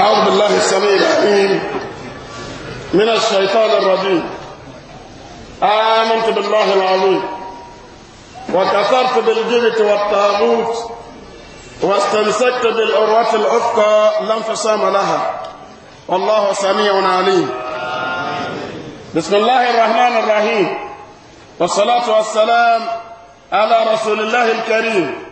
أعوذ بالله السميع العليم من الشيطان الرجيم آمنت بالله العظيم وكفرت بالجبت والطاغوت واستمسكت بالعروة العفقى لا انفصام لها والله سميع عليم بسم الله الرحمن الرحيم والصلاة والسلام على رسول الله الكريم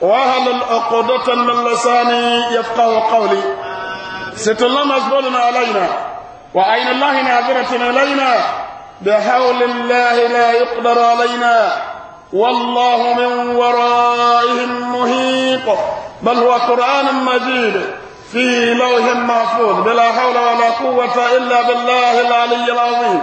وهل عقدة من لساني يفقه قولي ست الله مجبول علينا وعين الله ناظرة إلينا بحول الله لا يقدر علينا والله من ورائهم محيط بل هو قرآن مجيد في لوح محفوظ بلا حول ولا قوة إلا بالله العلي العظيم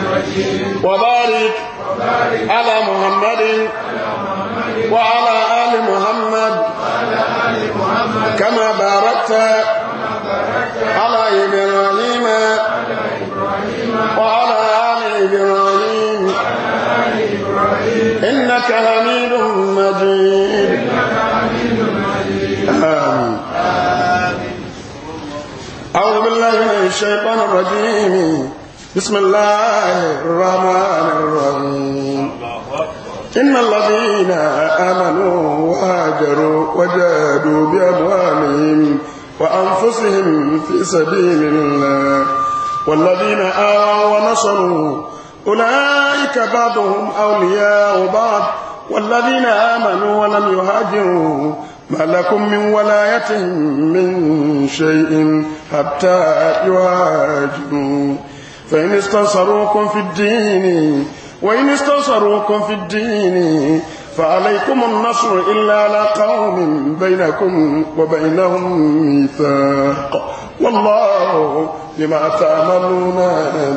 وبارك على محمد وعلى آل محمد كما باركت على إبراهيم وعلى آل إبراهيم إنك حميد مجيد آمين أعوذ بالله من الشيطان الرجيم بسم الله الرحمن الرحيم إن الذين آمنوا وهاجروا وجادوا بأموالهم وأنفسهم في سبيل الله والذين آووا ونصروا أولئك بعضهم أولياء بعض والذين آمنوا ولم يهاجروا ما لكم من ولايتهم من شيء حتى يهاجروا فإن استنصروكم في الدين وإن استنصروكم في الدين فعليكم النصر إلا على قوم بينكم وبينهم ميثاق والله بما تعملون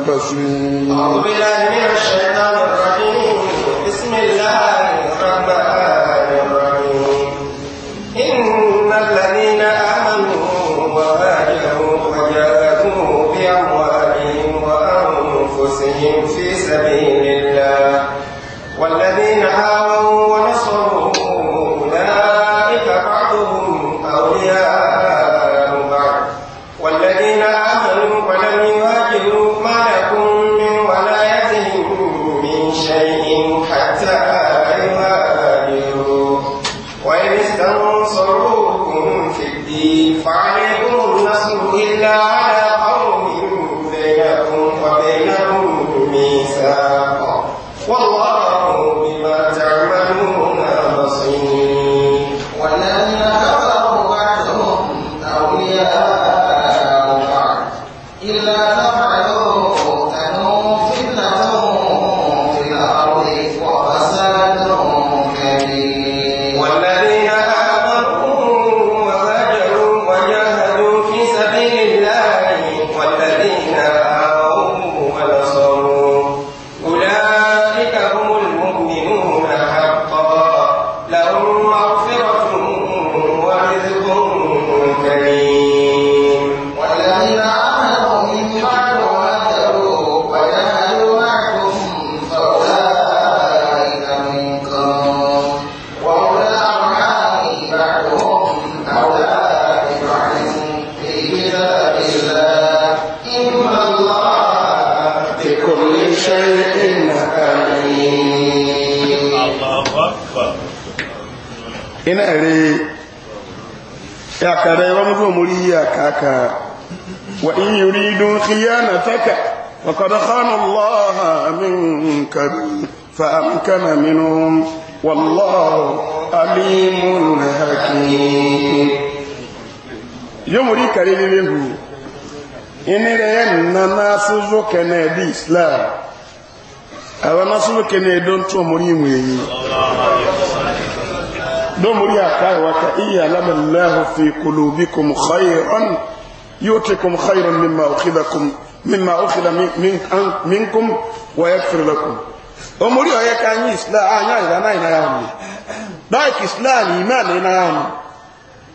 بصير أعوذ بالله من الشيطان الرجيم بسم الله الرحمن الرحيم بكل شيء عليم الله أكبر إن أري يا كريم ومزومري يا كاكا وإن يريدوا خيانتك وقد خان الله من كبير فأمكن منهم والله عليم حكيم يوم ريكا لي inere yen na nasuzo kene di islam awa nasuzo kene don to muri mwenyi do muri akai waka iya lam allah fi qulubikum khayran yutikum khayran mimma ukhidhakum mimma ukhidha min minkum wa yaghfir lakum o muri o yakanyi islam anya ina ina yamu dak islam iman ina yamu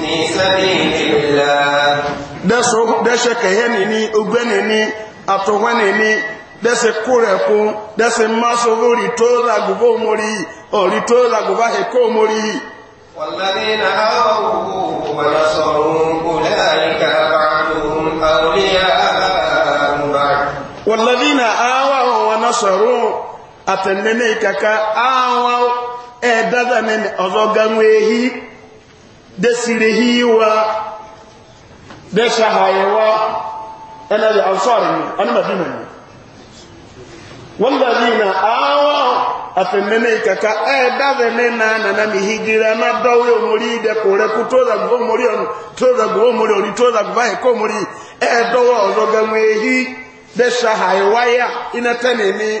في سبيل الله دسو دسو كهني ني اوغني ني اتوغني ني dẹ́sẹ̀ kúrẹ̀kún dẹ́sẹ̀ máṣọ lórí tó lágbùgbò mórí ọ̀rí tó lágbùgbà ẹ̀kọ́ mórí والذين آووا ونصروا أولئك بعضهم أولياء بعض والذين آووا ونصروا أتنني كاكا آووا إدادنني أزوغان ويهي desirehiwa deshahayewa ana da ansari ne ana madina ne wallazina awa afemene kaka e eh, dave ne na na na mi hijira na dawe omuri de kore kutoza go muri on toza go muri on toza go bai ko e eh, dawo ozoga mwehi deshahayewa ya inatene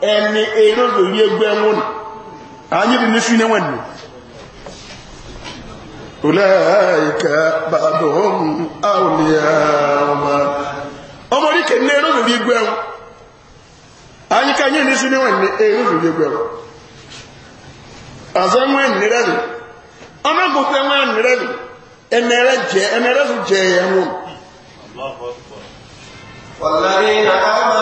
ẹni èrò lórí ẹgbẹ́ wọn nù àyíbi ní fún ẹwọ̀n nù ọlẹ́ẹ̀kẹ́ bàbá ohun àwòlẹ́yà ọmọ ọmọ oríkẹ̀ ní èrò lórí ẹgbẹ́ wọn àyíká yìí ní fún ẹwọ̀n ní èrò lórí ẹgbẹ́ wọn àzọ ẹwọ̀n nìrẹ́ lò ọmọ ẹgbẹ́ ẹwọ̀n nìrẹ́ lò ẹnẹrẹ jẹ ẹnẹrẹ tó jẹ ẹwọn. wàlẹ́ ní àkàbà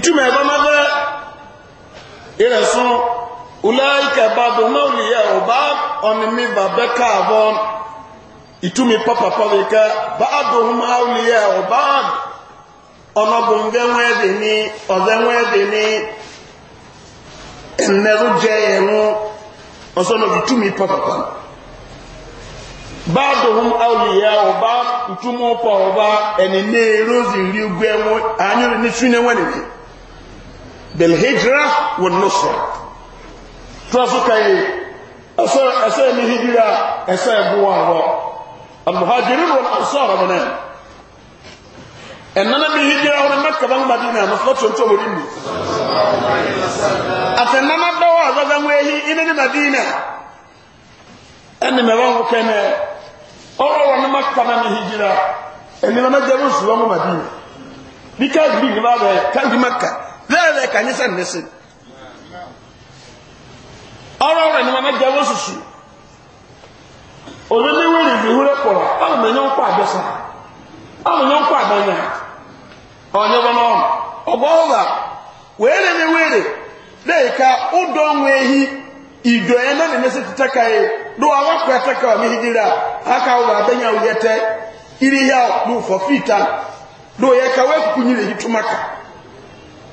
ìtumọ̀ ẹ̀bá máa bẹ́ ìrẹ̀ sún uláìkà bàbá náà lè yẹ ọba ọ̀nà mi bàbẹ́ káàbọ̀ ìtumọ̀ pọ́pọ̀pọ̀ lè kẹ́ bàbá òun máa lè yẹ ọba ọ̀nà gbòǹgẹ́ wọn ẹ̀dẹ̀ ní ọ̀dẹ́ wọn ẹ̀dẹ̀ ní ẹ̀nẹ́rú jẹ́ ẹ̀rún ọ̀sán náà ìtumọ̀ pọ́pọ̀pọ̀ báàdùn àwòlìyà ọba ìtumọ̀ ọ̀pọ̀ ọba ẹni ní erosi rí gbẹ́wọ́ àánú ní súnẹ́wọ́n nìyí بالهجرة والنصرة ترسوك ايه أسأل أسأل الهجرة أسأل بوارا المهاجرين والأنصار منام ɛnana bi hijira hɔn mɛka bɛn madina mafa tuntun wɔ nimu afɛnana dɔwɔ azɔzɔ ŋo ehi ina ni madina ɛni suwa madina bi ni ba ẹ̀rẹ̀ kànyí sẹ́ni ní rẹ̀ ni mama jẹ́wọ́ ṣùṣù òní ní wẹ́rẹ̀ ìwúrẹ́ pọ̀rọ̀ ọ̀rọ̀ mi ní ń kọ́ ọ̀rọ̀ mi ní ń kọ́ àbẹ́yà ọ̀nyẹ́ wọn ọ̀rọ̀ ọ̀gbọ́ọ̀rọ̀ wẹ́rẹ̀ ní ehi ìdò ẹ̀ náà nìyẹn sì ti ìrìyà ló fọ́ fìta ló yẹ ká yìí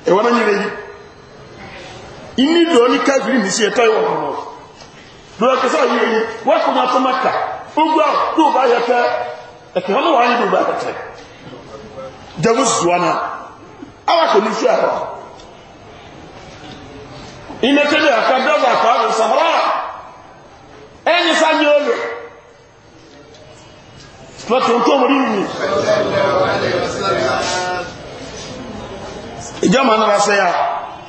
ẹ̀wọ́n náà nyere yìí inú ìlú oní káfíìn ní sí ẹ̀tọ́ ìwọ̀n náà lọ́wọ́ kẹsàn yìí yìí wọ́n kọ́ máa tó máa kà gbogbo tó bá yẹ fẹ́ ẹ̀kẹ́ wọn wà á awa kò ní fíà wà. iná tẹ́lẹ̀ àká dábàá kọ́ àwọn sàrà ìjọba náà sẹ ya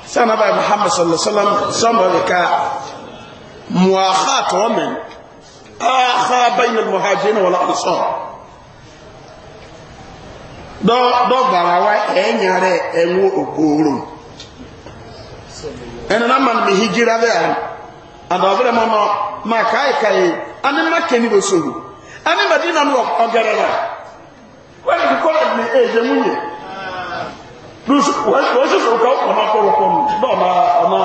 sanni abayi muhammad sallallahu alaihi wa sallam sanbọli ka muwaxa tɔɔmɛ axa bayin muhajir wala ansɔr dɔ dɔ bara wa ɛnyɛrɛ ɛŋo okoro ɛnana mani mi hijira bɛ yan adɔbɛrɛ mɔnɔ maa kaayi kaayi ani ma kɛ ni bɛ sogo ani ma di na ti kɔlɔ ni e jɛ wọ́n ṣe sọ̀rọ̀ kọ́ ọ̀nà kọ̀rọ̀kọ̀ nù ọ̀nà ọ̀nà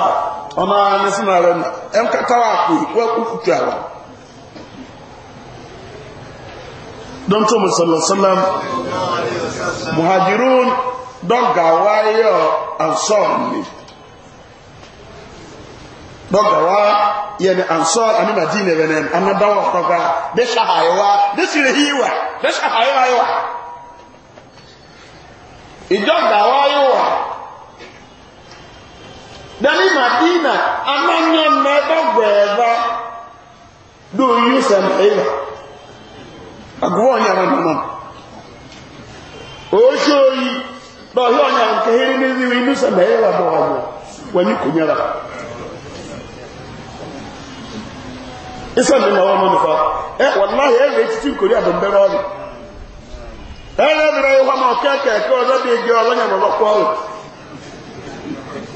ọ̀nà nísìnyí rẹ̀ nù ẹ̀ ń kàtà wà pé wọ́n kú kùtù àwọn. dọ́ntọ́ mùsùlùmí muhajirun dọ́gà wáyọ̀ ansọ́ọ̀ mi dɔgɔwa yɛne ansɔr ane madina bɛnɛm anadawa dɔgɔa de hyɛ hayewa de sire hiwa de hyɛ hayewa yewa ìjọba wa yóò wà dani madina amanyamma dọgbẹẹba do yu sẹmpẹyìlá agbọwọ ọnyàrá nàmọ oṣooyi dọhí ọnyàrá nkehiri níbi inú sẹmpẹyìlá bọ wàjú wẹni kùnyàrá isẹmi na wọn mọ nípa ẹ wàláhì ẹ lè títí nkori àdùnbẹrẹ ọdún. ẹlẹ́bìrẹ́ yìí wọ́n mọ̀ kẹ́kẹ́ kí bíi ìgbé ọlọ́yìn ọ̀rọ̀ kọ́ ọ̀rọ̀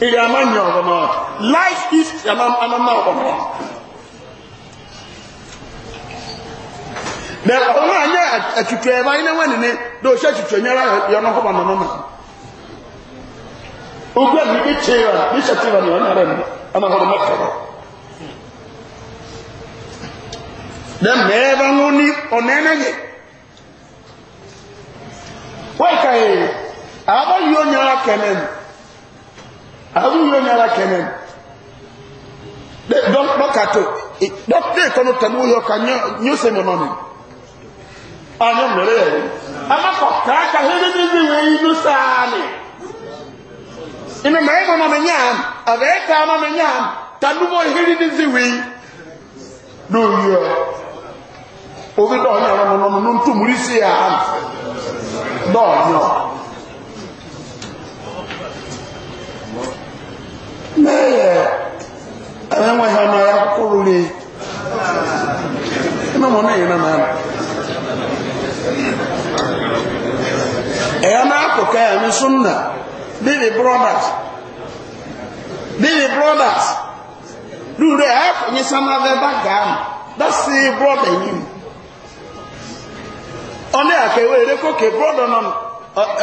ìrìn àmà yàn ọ̀rọ̀ mọ́ life is anamá ọ̀rọ̀ mọ́. Bẹ ọ̀rọ̀ ànyẹ àtùtù ẹ̀fà yìí níwọ̀n nìní dò ṣe àtùtù ẹ̀nyẹ́rẹ́ yọ náà kọ́ba nànọ́mà. Ogu ẹ̀mí bí ṣe ti ọ̀nà rẹ̀ wọ́ọ̀kà yìí àbá yìí ó nyara kẹ́nẹ́ mu àbá yìí ó nyara kẹ́nẹ́ mu dọ́kàtò dọ́kítà ìkọ́nù tẹ̀lé wọ́ọ̀yọ̀ ká nyó ya nọ́ọ̀nì ọ̀nyọ́ mẹ́rẹ́ yẹn amakọ̀ kàákà hẹ́rẹ́ níbi wọ́n yìí ló sáánì ìnà obi dọ́ọ̀nù mẹ́yẹ̀ ẹ̀rẹ́wọ̀n ẹ̀hẹ́ ọmọ ya kúrú rí ẹ̀mọ́ mọ́ náà yẹn náà ẹ̀yọ́ náà kọ̀kẹ́ ẹ̀mí súnnà bíbí brothers bíbí brothers lúrẹ̀ ẹ̀kùnyin sámáfẹ́ bá gàánù dá sí brother yìí ọnụ ya ka e koke brọdọ nọ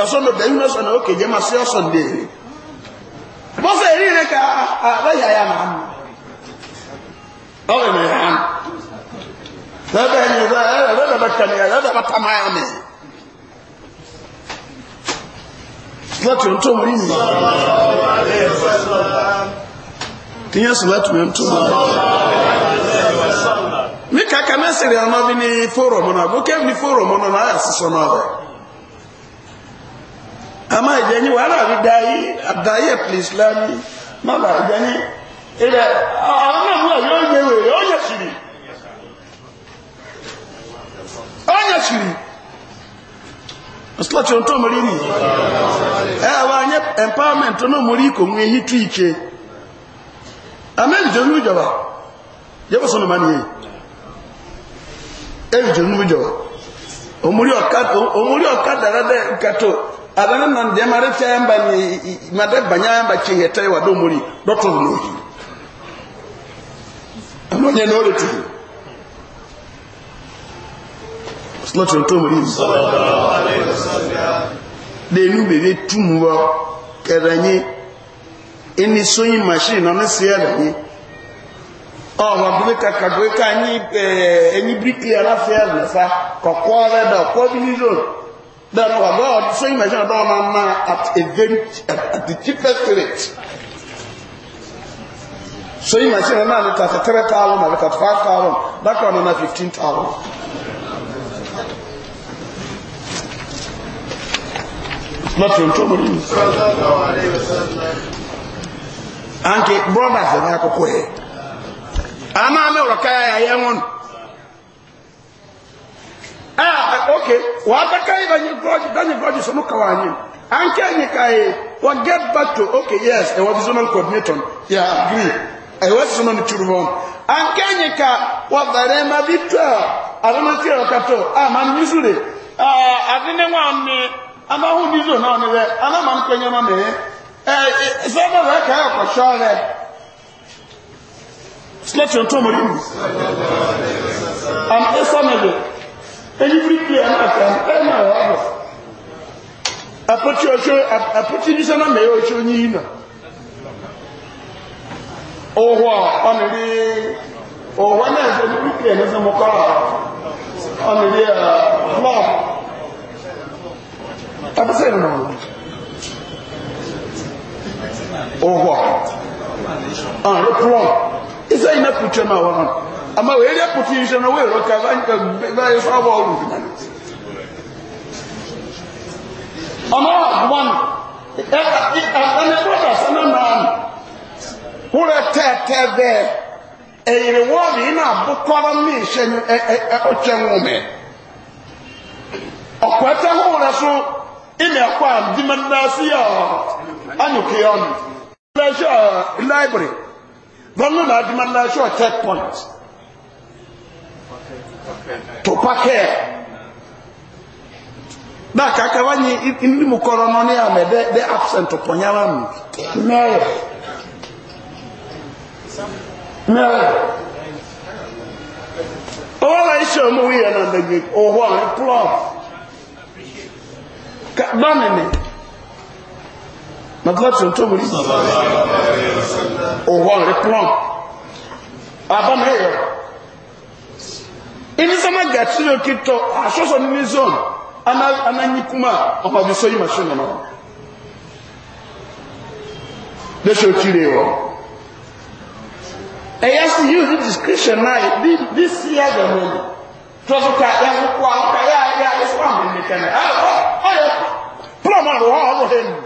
ọsọndọ bẹyìn ọsọ na oke jẹ ma sí ọsọ ndị eri bọsọ eri ire ka arịa ya na anụ ya anụ ebe enyi ebe ebe ebe ka ya ebe ebe ya mee ntụ tinye sọ mi kaka na siri ano bi ni forum na bo kev ni forum na na asiso na ba ama ijeni wala bi dai adaye please lami ma ba ijeni ile ana mu yo ye we o ye siri o ye siri Aslat yon to mori ni. Eh wa nye empowerment no mori ko mu ehitu ike. Amen jonu jaba. Jaba so no mani ejo nubujo omuri okato omuri okadara de nkato abana na de mare chamba ni made banya ba chingete wa do muri doto no hi amonye no le tu slotu to muri sallallahu alaihi wasallam de nu bebe tumuwa keranyi eni soyin machine na se yaranyi ọ̀rọ̀ bí wíkà kàgbé ká ní ẹni bíríkì ko lẹ́fà kọ̀kọ́ rẹ̀ dà ọ̀kọ́ bí nílò dẹ̀rọ wà at a very at the cheapest rate sẹ́yìn mẹ́sàn ọ̀nà ní thirty three thousand àbí thirty five thousand dákọ̀ ọ̀nà fifteen thousand. láti ohun tó brothers ama mi wòlò káyà yà yẹ wọn. ẹ ok wà á bẹ káyà bẹ nyi bọ́ọ̀jì bẹ nyi sọmú kàwá nyi an kẹ́ nyi wà get back ok yes ẹ wà bí sọmọ coordinator yà agree ẹ wà sọmọ ní turu wọn an kẹ́ nyi ká wà bẹ̀rẹ̀ ma bí tọ́ àdánù tí yà ọ̀ka tọ́ a ma ní sùn de àdínnẹ́wà mi amáhùn nílò náà ni rẹ amáhùn kẹ́nyẹ́ ma mẹ́rin ẹ sílẹ̀tì ọ̀tọ́ mọ̀ nínú àmì ẹsàmẹ̀lẹ̀ ẹni pípì ẹ̀nà ẹ̀nà ọ̀rọ̀ àpótí ọ̀ṣọ́ àpótí ní sánà mẹ́yẹ ọ̀ṣọ́ ní ìnà ọwọ́ ọ̀nìrí ọwọ́ náà ṣe ní pípì ẹ̀nà sánà mọ́kọ́rà ọ̀nìrí ọ̀lọ́ àbúsẹ̀ ìrìnà ọ̀wọ́ ọ̀rẹ́ púrọ̀ isa ina kuce ma wannan amma wai da kuce shi na wai roka zan ka ba ya saba wa ruwa amma wannan e- ana kwata sana na kura tete be eyiri wali ina abukọrọ mi nse ọkye nwome ọkwata hụrụ so ina ẹkọ a ya a anụkị ọnụ. Library lọ́nà náà di máa láṣọ point To pákẹ́ náà kàkà wá ní ní mú kọ́rọ́ náà ní àmì absent ọ̀pọ̀nyára mi mẹ́rẹ̀ mẹ́rẹ̀ ọwọ́ láì ṣe ọmọ wíyẹn náà lẹ́gbẹ̀ẹ́ ọwọ́ àwọn plọ́ọ̀ bá mi mọ̀tíláṣùn tó wùrí òwọ́n rí plọ́n àbámẹ́yọ̀ inisama gàtírí òkìtọ àṣọ́sọ ní zon anányikúmà ọmọdé sọyí màṣí nìmọ lẹ́ṣọ́ kiri wọ ẹ̀yà sí yóò ní discretion náà bí sí ẹgbẹ̀ mọ́ ni tọ́sọ ká yà ń kó àwọn ká yà yà ẹ̀fọ́ àmì nìkan náà ọ̀yọ̀ plọ́n máa wọ́n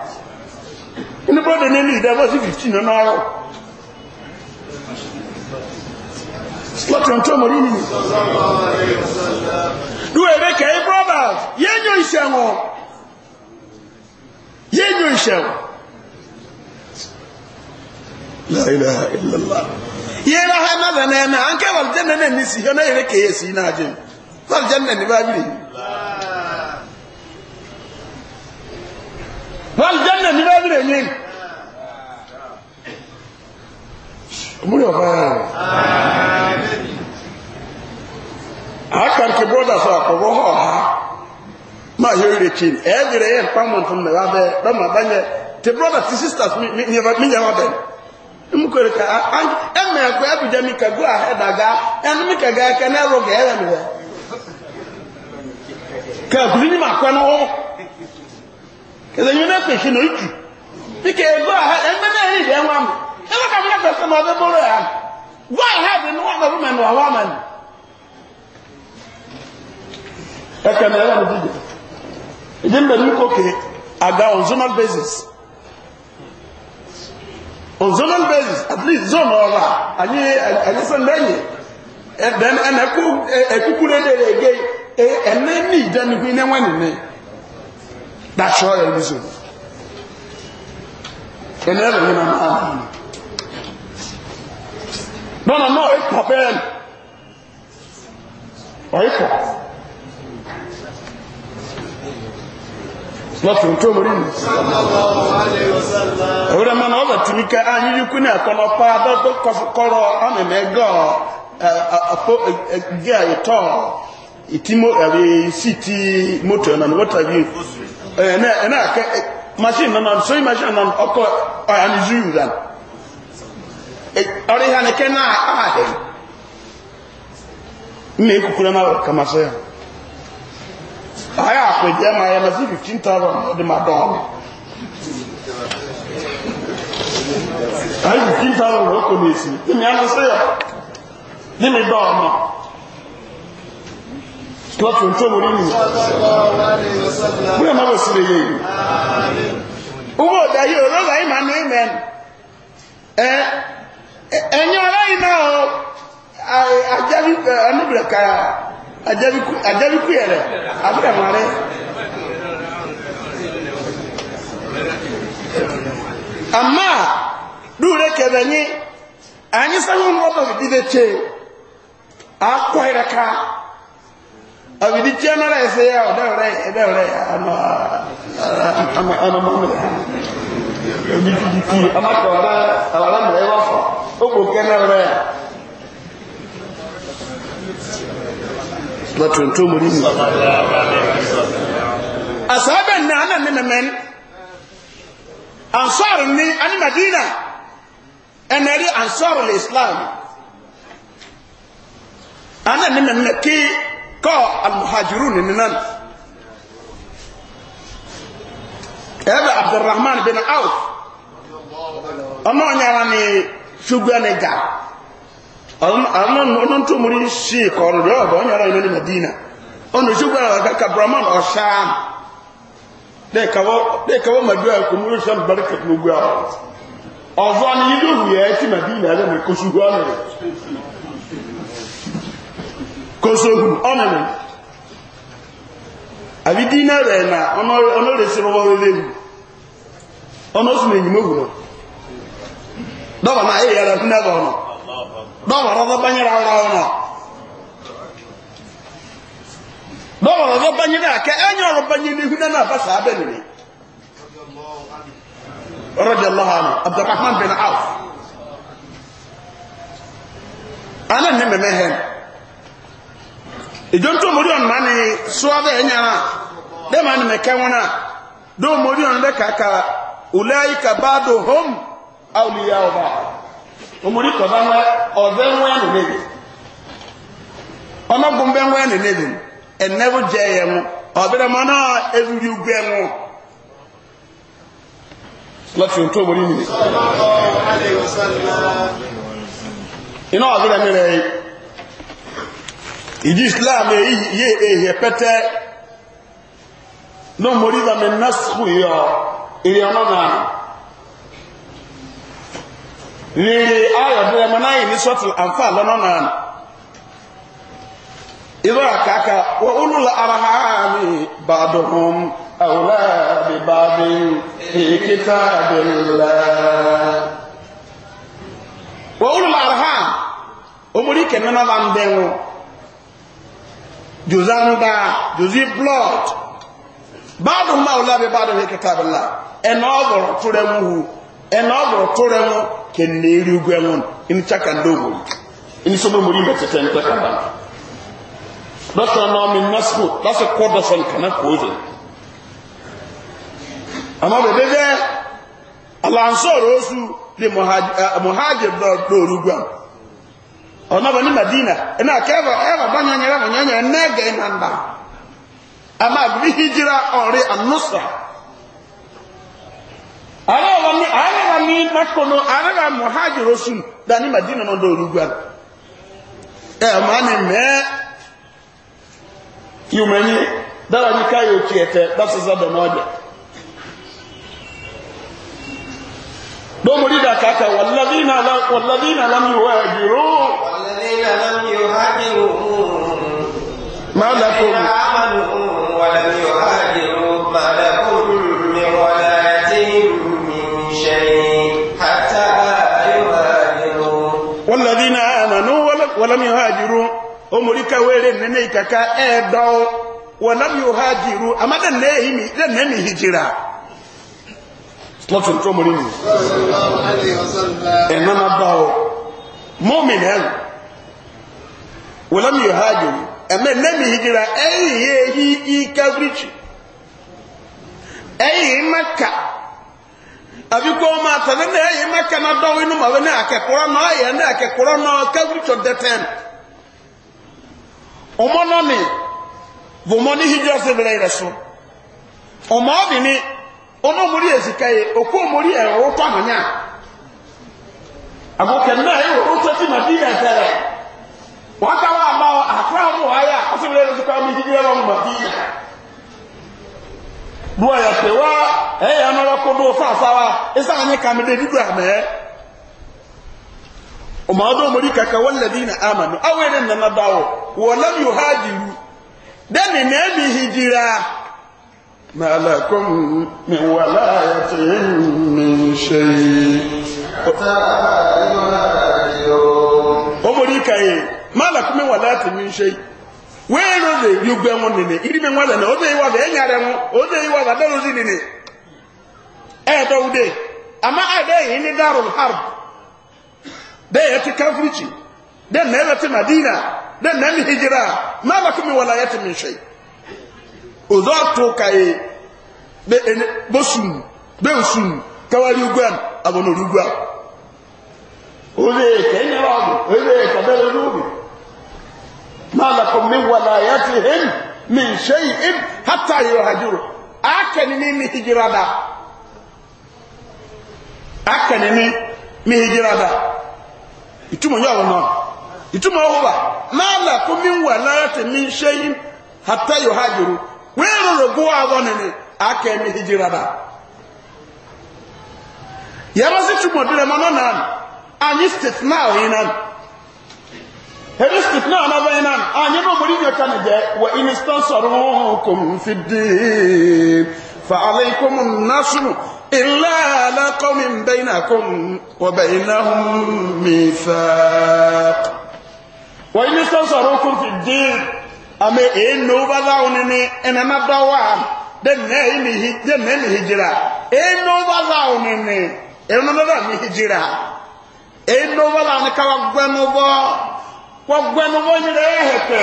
In inú brother ní ní ìdá bọ́sí 15 nínú ọrọ̀ slọ́tì ọ̀tọ́ mọ̀rí ni lúwẹ̀rẹ́ kẹ́yí brothers yẹ́nyọ ìṣẹ̀wọ̀n yẹ́nyọ ìṣẹ̀wọ̀n láìláà ìlàlá yẹ́ra hẹ́mẹ́rẹ̀ náà ẹ̀mẹ́ àńkẹ́wàlì jẹ́ nẹ́nẹ́ ní sí ọ̀nà ìrẹ́kẹ̀yẹ sí náà jẹ́ wọ́n jẹ́ na ní bẹ́ẹ̀ bìrẹ̀ yín. Múlò máa. a bọ́dà sọ àkọ́bọ́ họ̀ ha. Máa yẹ orí kí ẹ bìrẹ̀ yẹn pàmòtò fún mi lábẹ́ bẹ́ẹ̀ bá yẹ ti sisters mi ka ah, eh, eh, mi ka gu ahẹ ya eh, ga ẹkẹ n'ẹrọ gẹ̀ẹ́rẹ̀ mi ni ẹ̀sẹ̀ yìí mẹ́fẹ̀ẹ́ ṣe nà ìjù bí kẹ́ ẹgbẹ́ ọ̀hẹ́ ẹgbẹ́ náà yìí rẹ̀ wá mi ẹgbẹ́ kàmú náà fẹ̀sẹ̀ náà ọdẹ bọ́rọ̀ yà wá ẹ̀hẹ́ bí wọ́n náà rúmẹ̀ nù ọ̀wá mẹ́nu. ẹkẹ mi ẹlẹ́nu dídì ìdí mbẹ ní kókè àga on zonal basis on zonal basis at least zone ọ̀la àyè àyẹsẹ̀ lẹ́yìn ẹ̀dẹ̀ ẹ̀nà That's all your reason. And never in an No, no, no, it's not bad. Or it's not. lọ́tún tó mọ̀rí nù. Òwúrọ̀ mọ́nà ọ̀bà tí mi ká ayíyíkú ní àkọ́nà pa abẹ́gbẹ́ kọ́rọ̀ ọ̀mẹ̀mẹ́ gọ́ àpò gíà ìtọ́ ìtí sí ti mọ́tò ẹ̀nà ni wọ́n tàbí ɛnɛ ɛnɛ akɛ machine nana sewing machine nana ɔkɔ ɔyani zuyu dan ɔdi hàn kɛ náà ahɛ mme kukura náà kama sɛ ayé akpɛjɛ ma yɛ mɛ si fifteen ma dɔn ɔmi ayé fifteen thousand ɔkɔ n'esi ɛmi anasɛ yɛ ɛmi láti ohun tó mú nínú bóyá máa sí yìí owó ọ̀dà yìí ọ̀rọ̀ ìmà ní ìmẹ̀ ẹ̀yìn ọ̀rọ̀ ìmà ọ̀ anúbìrẹ̀kara àjẹ́bíkú ẹ̀rẹ̀ abúrẹ̀mọ̀ rẹ̀ àmà lúrẹ̀ kẹ̀rẹ̀ yín abidi tia nara ɛsɛ yɛ ɔda ɔrɛ ɛda ɔrɛ ano ano ano mɔmɔ ebi ti di ti ama tɔ ɔrɛ ɔrɛ mɛ ɛwɔ fɔ ɔkò kɛ na ɔrɛ la tuntun mu ni mu asaabɛ nna ana ne mɛmɛn ansɔɔri ni ani madina ɛnɛri ansɔɔri islam ana ne mɛmɛ kii kọ́ alùhàjìrù nínú náà ẹ̀bẹ̀ abdulrahman bin auf ọmọ ọ̀nyára ni ṣùgbọ́nìgà ọ̀nà tó múrí sí ìkọrù rẹ̀ ọ̀bọ̀ ọ̀nyára inú ní medina ọ̀nà ṣùgbọ́n ọ̀gáka brahman ọ̀ṣáàm lẹ́ẹ̀kọwọ́ madura ẹ̀kọ́ múrí sọ́n barkat gbogbo ọ̀zọ́ ni yídò wùyẹ́ ti medina ẹ̀rẹ́ mẹ́kọ́ ṣùgbọ́n rẹ̀ kosogu ɔnene abi diina rɛ na ɔno ɔno resi rɔba wele mu ɔno suma enyim ewu no dɔba na ayi yɛrɛ kuna bɔ no dɔba rɔba banyere awura wɔn no dɔba rɔba banyere akɛ ɛnyɛ ɔrɔ banyere ihu nana aba saa bɛ nini ɔrɔdi allah anu abdulrahman bin auf ana ne mɛmɛ hɛn. ìjọ́ntò mórí ọ̀nà ni sọ́ọ́bẹ̀ ẹ̀yàrá lẹ́màá ni mẹ́kẹ́ wọn náà dó mórí ọ̀nà lẹ́kàkà ùlẹ́yìká bá dò hóm ya ọba òmórí kọ̀ọ̀bá wọn ọ̀bẹ wọn ẹ̀nì níbi ọmọgùn bẹ wọn ẹ̀nì níbi ẹ̀nẹ́wó jẹ ẹ̀yẹ wọn ọ̀bẹ̀rẹ̀ mọ náà ewúri ugbẹ ohun tó iná ọ̀bẹ̀rẹ̀ mi rẹ̀ yìí. ìdí islam yé èyẹ pẹ́tẹ́ náà mo rí bàmí násìkò yọ ìrìn ọ̀nà náà rere ayọ̀dẹ́ ẹmọ náà yìí ní sọ́tù àǹfà lọ́nà náà ìlú àkàkà wọ́n olùlọ ara ha mi bàdùnún àwòlá bí bàbí èkìtà àbẹ̀lá wọ́n olùlọ ara ha omori kẹ̀mẹ́ bá ń bẹ̀ wọn jozanda jozi blood báàdùn máa wò lábẹ́ báàdùn ní kẹta abẹ́lá ẹ̀nà ọ̀bọ̀rọ̀ tó rẹ̀ wọ́n wò ẹ̀nà ọ̀bọ̀rọ̀ tó rẹ̀ wọ́n kẹ̀ ní eré ogun ẹ̀wọ̀n ní chaka ndóòwò ní sọ́mọ́ mọ́rí mẹ́tẹ̀ẹ̀tẹ̀ ní pẹ́ka bá dọ́tà náà mi nọ́sìkò láti kọ́ dọ́sọ̀ nìkan náà kò ó jẹ. àmọ́ bẹ̀bẹ̀ bẹ́ẹ̀ alansọ́ọ̀rọ̀ oṣù ni mohajib náà lóoru ọ̀nà bọ̀ ní madina ẹ̀nà kẹfà ẹ̀fà bá nyanya ẹ̀fà nyanya ẹ̀nẹ́gẹ̀ ẹ̀nà nà àmà àbí hijira ọ̀rẹ́ ànúsà àrẹ́wà ní àrẹ́wà ní mẹ́kọ̀nù àrẹ́wà sùn dá ní madina náà dọ̀rọ̀ gbà ẹ̀ má ni mẹ́ yìí mẹ́ni dáwà ní káyọ̀ tiẹ̀ tẹ́ bá sísá dọ̀ náà jẹ́. دوم ريدا كاكا والذين لم والذين لم يهاجروا والذين لم يهاجروا ما لكم آمنوا ولم يهاجروا ما لكم من ولايتهم من شيء حتى يهاجروا والذين آمنوا ولم يهاجروا أمريكا ويرين نيكا كا إيدو ولم يهاجروا أما دنيهم دنيهم هجرا lọ́tún tó mọ̀ nínú ẹ̀nà máa bá ọ mọ́mìn ẹ̀rù wọ́lámi yóò hájò ẹ̀mẹ́ lẹ́mì ìdíra ẹ̀yìn èyí ìkẹ́bíríkì ẹ̀yìn mẹ́ka àfikún ọmọ àtàlẹ́ náà ẹ̀yìn mẹ́ka náà dọ́wọ́ inú màwé náà akẹ́kọ̀ọ́ náà ẹ̀yẹ náà akẹ́kọ̀ọ́ náà kẹ́bíríkì dẹ́tẹ́n ọmọ náà ni bùmọ́ ní hijrọ́sẹ̀ bẹ̀rẹ̀ rẹ̀ so ọmọ ọ̀bìnrin ono muri ezikaye oku omuri ewo to amanya ago kenna ewo to ti madina dara waka wa ambao akra mu haya asibule ezikaye mijijira wa madina dua ya pewa eh anora ko do fa sawa isa anye kamide di dua me umado eh. muri kaka walladina amanu awene na nadawo wa lam yuhajiru dani ne mi hijira ما لكم من ولاية من شيء ọmọdéka yìí málàkú mi wà láti mi ṣe wéèrò lè yọgbẹ wọn nìní ìdíbẹ wọn lẹnu ó déyìí wà bẹ ẹnyà rẹ wọn ó déyìí wà bẹ dọrọ sí nìní ẹẹdọwù dé àmà àdé yìí òzò ọ̀tún kàyè bóṣùn bẹ́ẹ̀ṣùn káwárí ugbó àmì àwọn olùgbó àmì orí èkẹ́ ní ọ̀gbìn orí èkẹ́ bẹ́ẹ̀ lórí máa lọ́kọ̀ ti hẹ́n mi ń ṣe ìhìn hátà mi hijira dá ákẹ́ni mi hijira dá ìtumọ̀ yóò wọ̀ ma wee rụrụ gụọ agwọ aka eme hijira na yabasị chumodere mana na anyị steeti na ahụ na na anaba anyị bụ obodo inyocha na je wa inistansorkum fidin فعليكم النصر ame eno baba onene enama dawa denne imihi denne mihijira eno baba onene enama baba mihijira eno baba ne kawa gwenu bo kwa gwenu bo nyire ehepe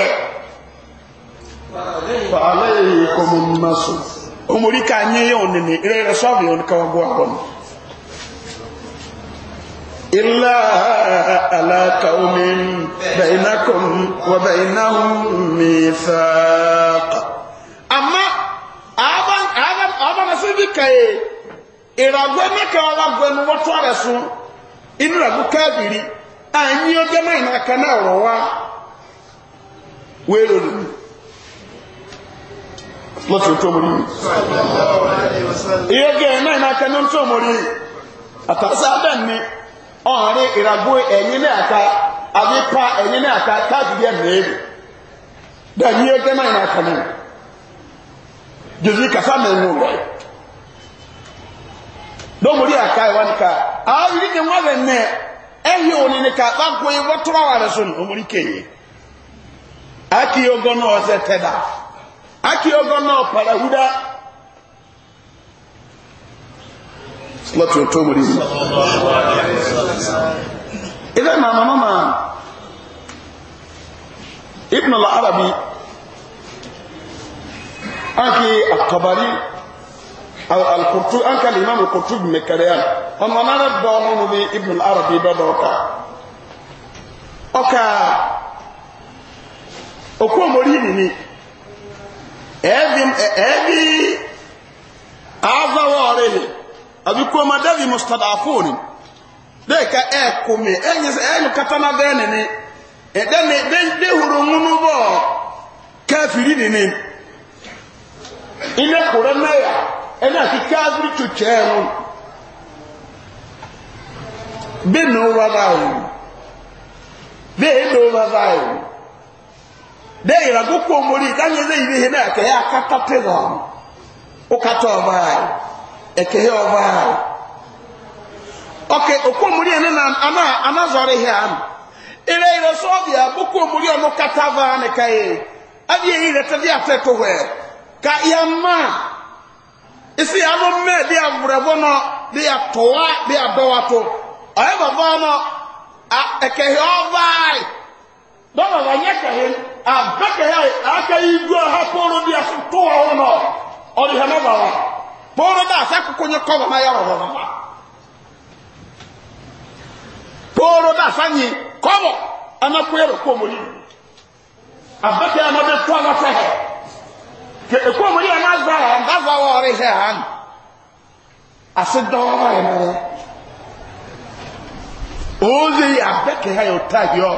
fa alaykum an-nasu umurika nyi onene ire rasabi on kawa gwa kono إلا على قوم بينكم وبينهم ميثاق أما أبان أبان أبان أسيبك إرغوه مكا ورغوه موتو رسول إن رغو كابيري أني يجمع ناكنا وروا ويرون lọ́tí tó mọ̀ ní ìyẹ́gẹ̀ẹ́ náà ìnákaná tó mọ̀ ní àtàzá bẹ́ẹ̀ ni ọ̀rẹ́ ìràgbó ẹ̀yìn ní àká àwípa ẹ̀yìn ní àká káàkiri ẹ̀mẹ́rẹ̀ dẹ̀mí ẹgbẹ́ náà na àkànnì jùlọ kàfà mẹ́rin rẹ̀ lọ́mọdé àká ìwà nìka àárí ní wọ́n rẹ̀ nẹ́ ẹ̀yìn òní nìka báńkò yìí wọ́n tọ́ra wà rẹ̀ sọ̀nù ọmọdé aki ogo lọ́tún tó mú rí mi. ilé na mama ma ibn al-arabi anki al-tabari al-kurtu anka al-imam al-kurtu bi mekariyan ọmọ nara dọ ọhụrụ bi ibn al-arabi dọdọ ọka ọka okwu omori nini ẹbi ẹbi azawa ọrịa àbí kó ma dẹ́bi mustapha fóònù bẹ́ẹ̀ ka ẹ̀ kò mi ẹ̀ nyẹ sẹ́ ẹ̀ nyẹ kata na bẹ́ẹ̀ nìní ẹ̀ dẹ́ni dẹ́ horo ńunu bọ̀ káfírí nìní ilé kòrò náyà ẹ̀ náà ti káfírí tó kyẹ́ ẹ̀ wọn bẹ́ẹ̀ ní o rárá o bẹ́ẹ̀ ní o rárá o bẹ́ẹ̀ ìràgókò mori ìdáyẹ̀dẹ́ ìdíyẹ náà kẹ́ ẹ̀ akátá tẹ̀ lọ́wọ́ ó kátó ọba yìí. ekehe ọba ahụ ọka okwomuri ene na ana anazọrọ ihe ahụ ire ire sọ ọbịa okwomuri ọnụ katava neka ya adịghị ireta dị atọ etowe ka ya mma isi ya anụ mme dị ya gbụrụbụ nọ dị ya tụwa dị ya dọwatụ ọya baba nọ ekehe ọba ahụ dọba ba nye kehe abekehe aka igwe ha kwụrụ dị ya tụwa ụlọ ọdịha nọbara poro da sa kukunye koba ma ya poro da sa nyi kobo ana kwero ko mo ni abake ana be to ala ke ko ni ana za ha nga za wa re he han ase do wa re mo ozi abake ha yo ta yo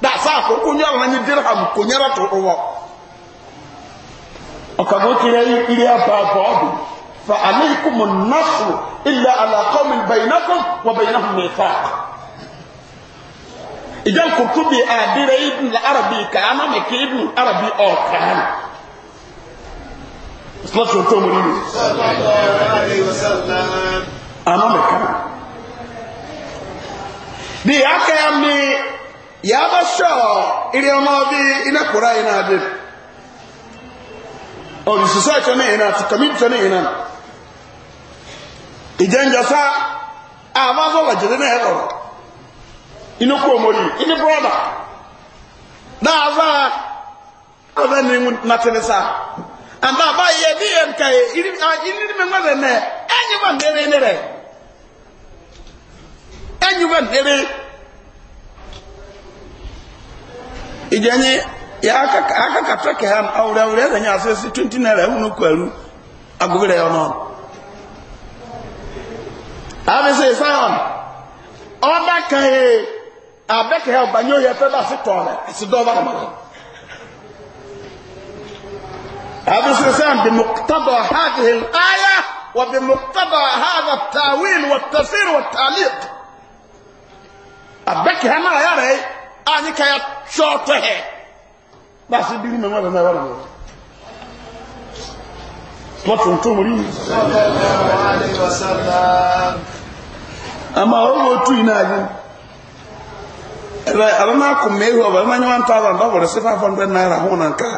da sa ko kunye wa ni dirham kunye ra to wo okago فعليكم النصر إلا على قوم بينكم وبينهم ميثاق إذا كنت بأدير ابن العربي كأنا مك ابن العربي أو كأنا صلى الله عليه وسلم أنا مكان دي أكامي يا بشر إلى ما بي إلى قرآن هذا أو يسوع تنين أو تكمل تنين ìjẹ́njọ́sá àbázọ́lọ̀ jẹ́dẹ́ náà ẹ̀rọ inú kò mọ̀rí inú brọ́dà dáàbá ọ̀dọ́ ni nàtìrìsà àbá báyìí ẹbí yẹn nkà yẹ inú mi mọ̀ rẹ̀ náà ẹ̀yìn wà nẹ́rẹ́ nẹ́rẹ́ ẹ̀yìn wà nẹ́rẹ́ ìjẹ́nyi yà ákàkàtà kẹhàn àwùrẹ́wùrẹ́ ẹ̀dẹ̀ yẹn àṣẹ sí twenty naira ẹ̀hún kọ̀ ẹ̀rú agogo rẹ̀ yọ̀ náà. abese sion ọba kahe abẹkẹhẹ ọbanye oyè fẹ baasi tọọrẹ ẹsi dọọba ọmọ rẹ abese sion bi mukutaba hadihin aya wa bi mukutaba hada tawil wa tafsir wa taalib abẹkẹhẹ náà yàrá yìí anyi kaya tọọtọ hẹ baasi biri mi bẹ mẹ wọn lọ́tún tó mú rí àmà ọwọ́ tú iná ayé ẹ̀rẹ̀ àbámá kò mẹ́rù ọ̀bà ẹ̀má ní one thousand dọ́bọ̀rẹ̀ sí five hundred naira hún na nka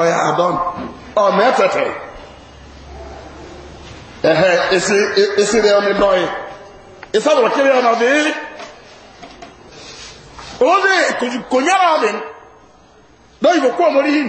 ọ̀yà àdọ́n ọ̀mọ ẹ̀tẹ̀tẹ̀ ẹ̀hẹ̀ esi esi rẹ̀ ọ̀nì dọ́yì ìsàbọ̀rọ̀ kiri ọ̀nà bí ó dé kò nyára ọ̀dìn dọ́yìnbó kú ọ̀mọ́rí yìí.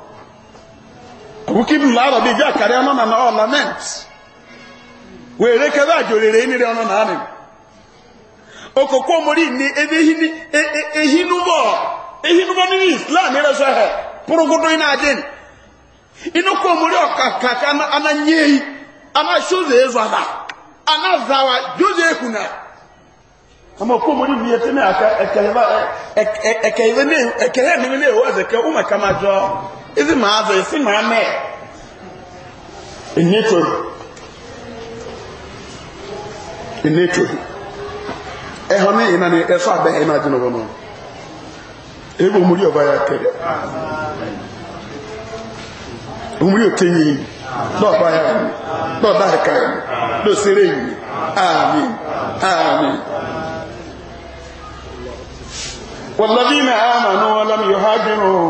akwụkwọ ibn arabi ji akarịa nọ na ọlament were kebe aja orere enire ọnụ na anị okoko omori ni ebe ehinubọ ehinubọ nínú islam ẹrẹsọ ẹ púrúgúdú iná ajé ni inú kó omori ọkàkàkà ananyeyi anasóze ezọba anazawa józe ekuna ama kó omori ni etí ní aka ẹkẹyẹ ní ezeke ụmụ ọmọ kama jọ. isi maa zɔ isi maa mɛ enetori enetori ɛhɔ ne yina ni ɛfɔ abɛ ɛna adi n'ɔbɔ no ebi omuri ɔba ya kɛdɛ omuri ote nyi dɔɔba ya yi dɔɔba ɛka yi dɔɔsere yi aami aami. والذين آمنوا ولم يهاجروا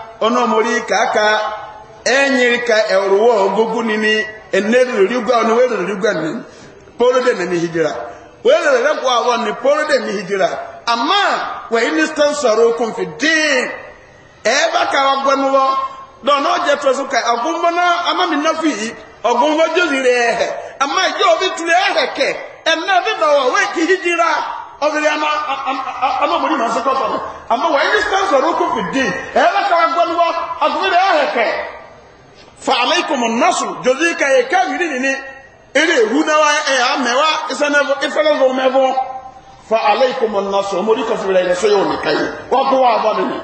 ono muri kaka enyirika ewruwo gugu nini eneri rigwa ono wero rigwa ni polo de ni hijira wero re kwa won ni polo de ni hijira ama wa instant saro kun fi din eba ka wa gwamu wo do no je to suka agumbo na amami mi na fi ogumbo jozire ehe ama je obi ture ehe ke enna bi do wa hijira ọbẹ̀rẹ̀ amọ̀mọ̀rí máa ń sọ́kọ̀ sọ̀rọ̀ àmọ́ wà ní spẹ́nsì ọ̀rọ̀ kò fi dín ẹ̀rọ kan gbọ́nubọ́ àtúnfẹ́rẹ́ ẹ̀hẹ̀kẹ́ fa aláìkùmọ̀ nọ́ọ̀sù jòzí kẹyẹ kẹ́rìírí nìní eré ìwú náà ẹ̀yà mẹ́wà ìfẹ́lẹ́fọ́ mẹ́fọ́ fa aláìkùmọ̀ nọ́ọ̀sù ọmọdé kan fìrẹ̀ ẹ̀rẹ́ sọ́yọ̀ nìkẹyẹ wọ́n kó wà bọ́ nìyí.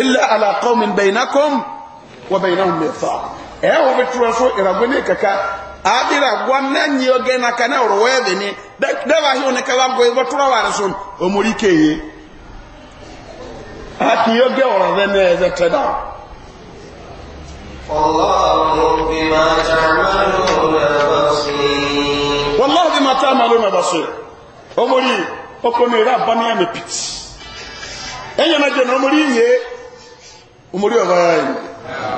ilẹ̀ alakọ́min bẹ̀yìnakọ́m wọ́n bẹ̀yìnahùn ẹ̀ wọ́n adira gwanna nyi oge na kana urwede ni daba hi oneka wango ibo turawa rason omurike ye ati yoge urwede ne ze tada wallahu bima ta'maluna basir wallahu bima ta'maluna basir omuri okoni rabani ame piti enyana je no omuri ye omuri obayi yeah.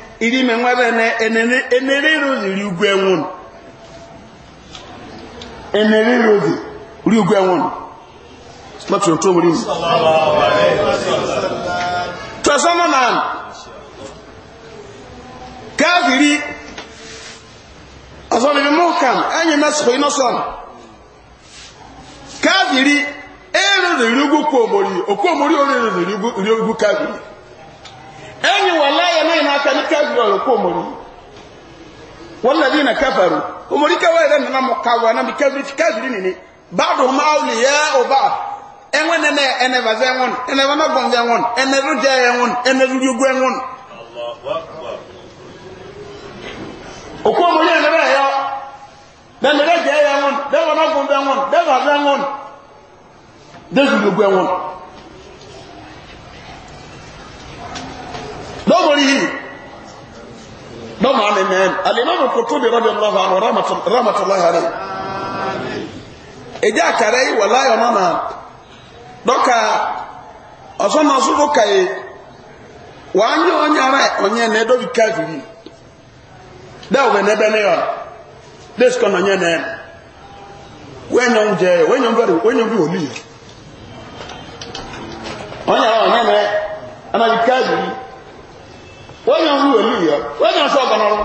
iri me nwere ne enene enere rozi ri ugwe nwon enere rozi ri ugwe nwon slot yo to muri na alaihi wasallam tasama nan kafiri azon bi mokam anyi nasxo inoson kafiri ero ri ugwe ugwu mori o ko mori o ero ri ugwe kafiri enyi wà láyé náà iná aka ní káàkiri ọ̀rọ̀ kó mọ̀rí wọ́n lè dín káfàrú òmòrí káwọ́ ẹ̀rẹ́ nínú àmọ́ káwọ́ ẹ̀nà mi káàkiri ti káàkiri nìní báàdù ọmọ àwòlì yẹ ọba ẹ̀wọ̀n nẹ́nẹ́ ẹ̀nẹ́bàzẹ́ ẹ̀wọ̀n ẹ̀nẹ́bàmọ́gbọ̀nbẹ̀ ẹ̀wọ̀n ẹ̀nẹ́rúdẹ ẹ̀wọ̀n ẹ̀nẹ́rúdíogún ẹ̀wọ̀n. òkú òmòrí ẹ̀nẹ́bẹ̀ ẹ̀yọ dọ́mọ̀rí yìí dọ́mọ̀ àmì mẹ́rin alìmọ́mù kò tó bí rọ́bì ọlọ́wọ́ àwọn rámàtàláyà rẹ̀ ìjà àkàrẹ́ yìí wà láyọ̀ náà dọ́ka ọ̀sọ́nà ọ̀sọ́dọ̀ kàyé wà á nyẹ ọnyà rẹ̀ ọ̀nyẹ nà ẹ̀dọ́bi káfì yìí dẹ́ òbẹ̀ nẹ́bẹ̀ ní ọ̀ dẹ́sùkọ̀ nà onye wọ́n yàn rú ya yẹ wọ́n yàn sọ ọ̀gbọ̀n ọ̀rọ̀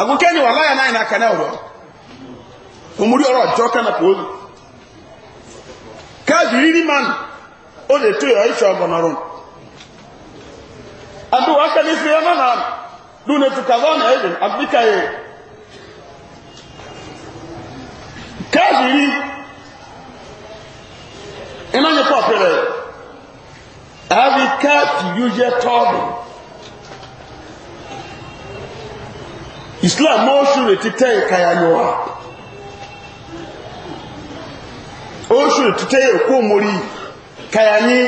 àgùnkẹ́ ni wà láyà náà na náà rọ̀ òmùrí ọ̀rọ̀ ọ̀jọ́ kẹ́nà kò lù káàdì rírí man ó lè tó ìyá ìṣọ̀ ọ̀gbọ̀n ọ̀rọ̀ àbí wàá kẹ́ni fi ẹ̀mọ́ náà lùnà islam náà ó ṣòro títẹ́ ìkayayọwa ó ṣòro títẹ́ òkú òmórí kayanyi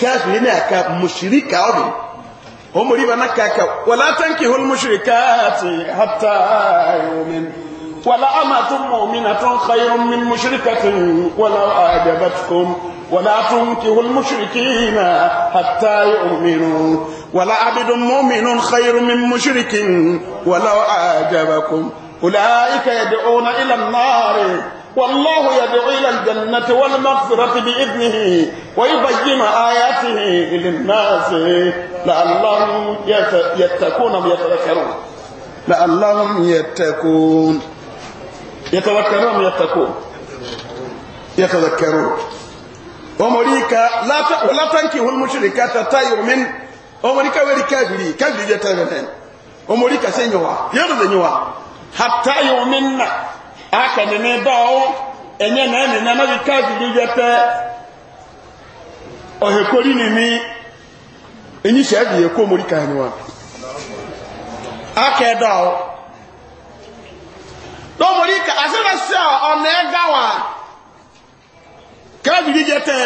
káfìrí ní àka mùsùlùkà ọ̀dùn òmórí bá náà kàkà wọ́n látàkì hol mùsùlùkà àti hàtà ìwòmẹ́ni ولأمة مؤمنة خير من مشركة ولو أعجبتكم ولا تنكهوا المشركين حتى يؤمنوا ولعبد مؤمن خير من مشرك ولو أعجبكم أولئك يدعون إلى النار والله يدعو إلى الجنة والمغفرة بإذنه ويبين آياته للناس لعلهم يتقون ويتذكرون لعلهم يتقون يتوكلون يتقون يتذكرون ومريكا لا ت... ولا تنكه المشركات حتى يؤمن ومريكا ولي كافري كافري يتمنن ومريكا سنوا يرد نوا حتى يؤمن aka nene dawo enye na ene na mabi kazi jujete ohekori nini enyi shebi yeko omorika enyewa aka dawo dɔmɔdi ka asɛnɛ sɛ ɔnɛ gawa kɛbiri jɛ tɛ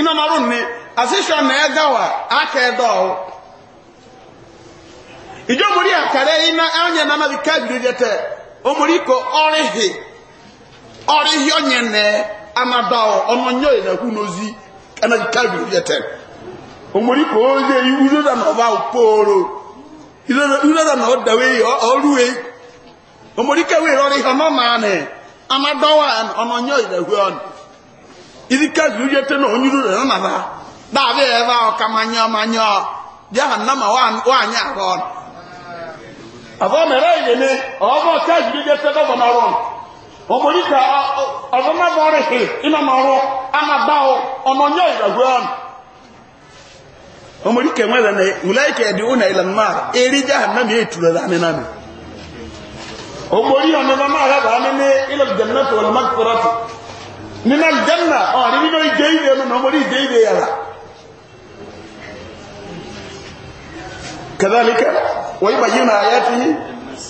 inamaru ni asɛsɛ ɔnɛ gawa akɛ dɔw ìjọmọdi àkàrẹ iná ɛnyɛ namadi kɛbiri jɛ tɛ ɔmɔdi kò ɔrihi ɔrihi ɔnyɛ nɛ amadɔw ɔnɔnyɔ yɛ n'ahu n'ozi ɛnɛ kɛbiri jɛ tɛ ɔmɔdi kò ɔyɛ iwúlódà n'ɔba òpóoro iwúlódà n'ɔdàwé ɔlúwe. omorike wee rọrọ ihe ọnọ naanị amadọwa ọnọnyọ ilehu ọnụ irikazi uye te na onye ruru na ba dabi ebe a ọka manyọ manyọ bịaha nna ma nwaanyị ahụ ọnụ abụọ mere ilele ọbụ kazi uye te dọba n'ọrụ omorike ọbụma bụ ọrụ ihe ịnọ n'ọrụ amadọwa ọnọnyọ ilehu ọnụ omorike nwere na ulaike dị ụna ilamma eri jahannam etulala amị na amị هم وليهم نظام هذا من إلى الجنة والمغفرة من الجنة أوه نبي نوي جيد يا من هم ولي جيد يا لا كذلك ويبين آياته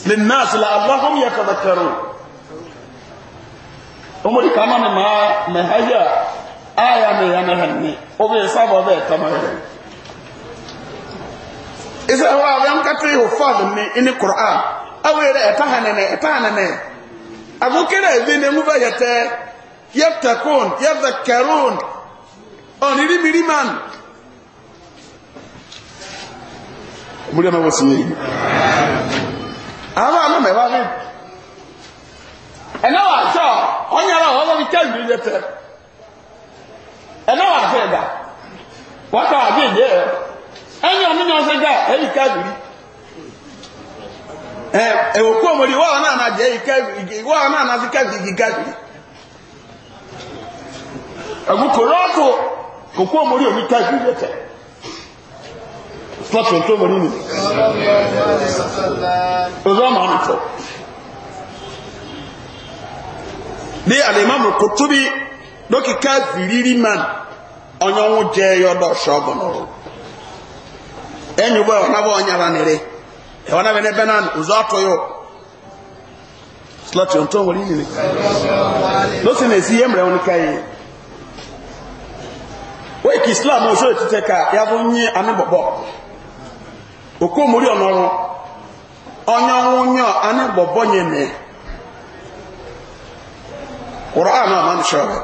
للناس لعلهم يتذكرون هم ولي كمان ما مهيا آية مهيا مهني وفي صابة ذي تمهيا إذا هو أبيان كتري وفاظ من إني قرآن awere etahanene etahanene agukere evine muba yete yeftakun yefekerun onirimiriman muri ama wasi yeyi ama ama mewa mi ɛnɛ wa sɔ ɔnyala wa ɔlɔdi kɛ ndu yɛtɛ ɛnɛ wa sɛ da wa wa bi yɛ ɛnyɛ ɔmi nyɔ sɛ da ɛyi ka duri. ẹ̀wọ̀kú ọmọdé wọ́n náà na jẹ́ wọ́n náà na fi káàkiri káàkiri ẹ̀gbùkù rọ́ọ̀kù òkú ọmọdé òní káàkiri lẹ́tẹ̀ slọ́tún tó mọ̀ nínú ọzọ́ ma ní alìmọ́mù kò túbí man ọ̀nyọ́wó jẹ́ yọ́dọ̀ ṣọ́gbọ̀n ọ̀nyára ɛwɔna bɛ ne bɛ nan ozɔ ato yio slɔti ntɔ wɔli nyini lɔsi na esi yɛ mmerɛ wɔn ka yi wɔyiki islam oṣu etitɛ ka yabɔ nye ani bɔbɔ okomori ɔnɔrɔ ɔnyɔnwonyɔ ani bɔbɔ nye mɛ wɔrɔ a na ɔman sɔ rɛ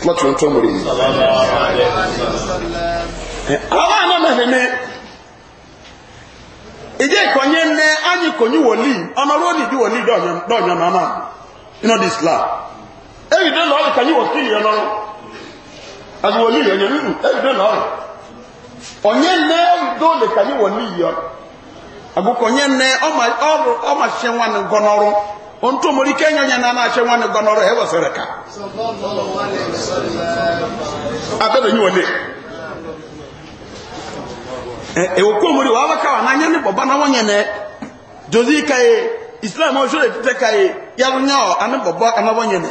slɔti ntɔ nwere nyini. Awa anọ ije konye nne anyị konye woli ọnọrọ ruo woli dọnyọ na ọnọ ino di islam eyi dọ lọrọ kanyi onye nnu onye nne dọle kanyi onye nne ọrụ ọma ṣe nwanne gọnọrọ ontu mori kenya nya na na ṣe ewokomori eh, eh, wabaka wananya ne bɔba na wɔnyɛ nɛ josi ka ye eh, islam ɔsoro etitɛ ka ye yarunya ɔ ane bɔbɔ ana wɔnyɛ nɛ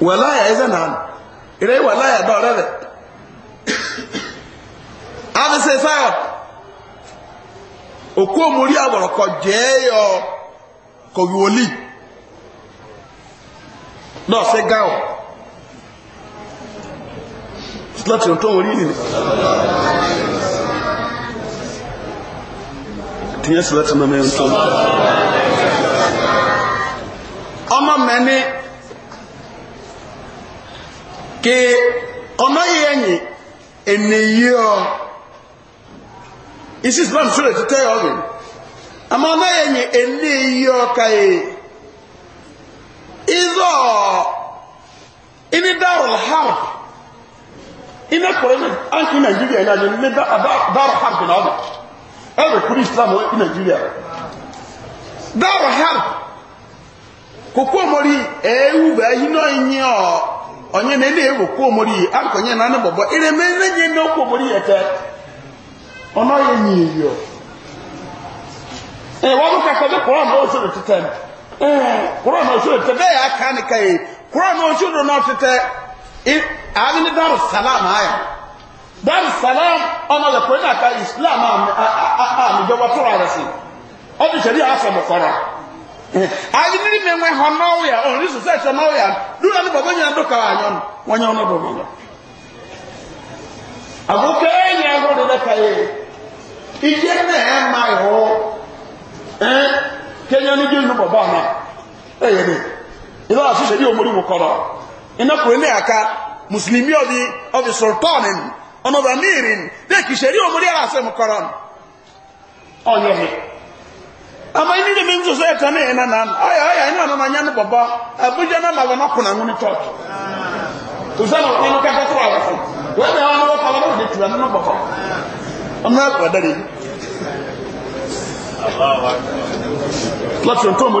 wɛlaya ɛsɛ nan ere wɛlaya dɔ ɔrɛ dɛ abese sayɔ okomori awɔrɔkɔ jɛɛ yɔ kɔwiwoli dɔɔse gawo láti ọ̀tọ́ wọn rí nìyẹn tíyẹ́ sí láti mẹ́mẹ́ ń tọ́ ọmọ mẹ́ni kí ọmọ yìí ẹ̀yìn ènìyí ọ isi islam sílẹ̀ títẹ́ ọ̀gbìn àmọ́ ọmọ ẹ̀yìn ènìyí ọ káyé ìzọ̀ ìní dáwọ̀ hàrùn iná kọ̀rọ̀ ní áńkì nàìjíríà náà ní dáàrù harbi náà ọ̀dọ̀ ebe kwuru islam ní nàìjíríà dáàrù harbi kòkó omori ẹ̀ẹ́wù bẹ̀ẹ́yí náà yí na ilé ẹ̀wò kó omori na náà ní bọ̀bọ̀ ilẹ̀ mẹ́lẹ́nyẹ́ náà kó omori ẹ̀tẹ́ ọ̀nà yẹ ní èyí ọ̀ Ee wọ́n kà kọjá àárín ní dar salam àyà dar salam ọmọ lẹ̀kọ́ ní àka islam àmìjọba fúnra rẹ̀ sí ọdún ìṣẹ̀lẹ̀ àfẹ̀mọ̀kọ́ra àárín ní mẹ́wẹ́ họ náà òní sùsẹ́ ìṣẹ̀ náà wíyà ní bàbá yẹn dúkà àyàn wọn yẹn ọ̀nà bàbá àbúkẹ́ ẹ̀yìn ẹ̀họ́ rẹ̀ lẹ́ka yẹ ìjẹ́ náà ẹ̀ máa ìhọ́ ẹ̀ kẹ́yẹ́ ní jẹ́ ìlú bàbá náà ẹ̀yẹ́ ni ìlú àṣìṣe ní òmùrí iná kúrò ní àká mùsùlùmí ọ̀bí ọ̀bí sultanin ọ̀nàbà mìírin bẹ́ẹ̀ kìí ṣẹ̀rí ọmọdé ara ṣe mú kọ́rọ̀ ọ̀yọ̀ mi. àmọ́ inú ìdí mi ń sọ̀sọ̀ ẹ̀tọ́ ní ìná náà ayọ̀ ayọ̀ inú ọ̀nà nyá ní bọ̀bọ̀ àbújá náà màbọ̀ náà kùnà ń ní tọ́ọ̀tù. òṣèlú inú kẹfẹ́ tó wà fún wọ́n mi àwọn ọmọ kọ́lọ́ ló fi tura nínú bọ̀bọ̀ ọmọ ẹ̀kọ́ dẹ́rẹ́ yìí. láti ọ̀tọ́ mọ̀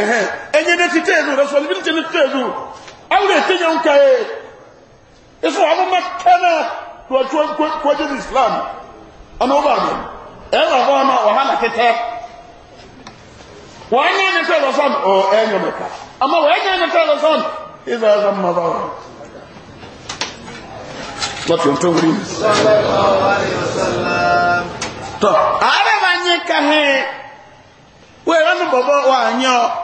ẹ̀yẹ́ ní ti tẹ́ẹ̀zù responsibility ní tẹ́ẹ̀zù awúrẹ̀ tí yẹn ń ka ẹ̀ ẹ̀sọ́ àwọn ọmọ kẹ́nà kọjú ní islam ọmọ ọba àmì ẹ̀rọ ọba ọmọ wàhálà kẹtẹ wọ́n yẹn ní tẹ́ẹ̀zù sọ́n ọ ẹ̀yẹ mẹ́ta àmọ́ wọ́n yẹn ní tẹ́ẹ̀zù sọ́n ìzọ ẹ̀zọ mọ́tò wọn. lọ́tí ohun wúrí. tọ́ ààrẹ wa nyẹ kahẹ́ wẹ́ẹ̀rẹ́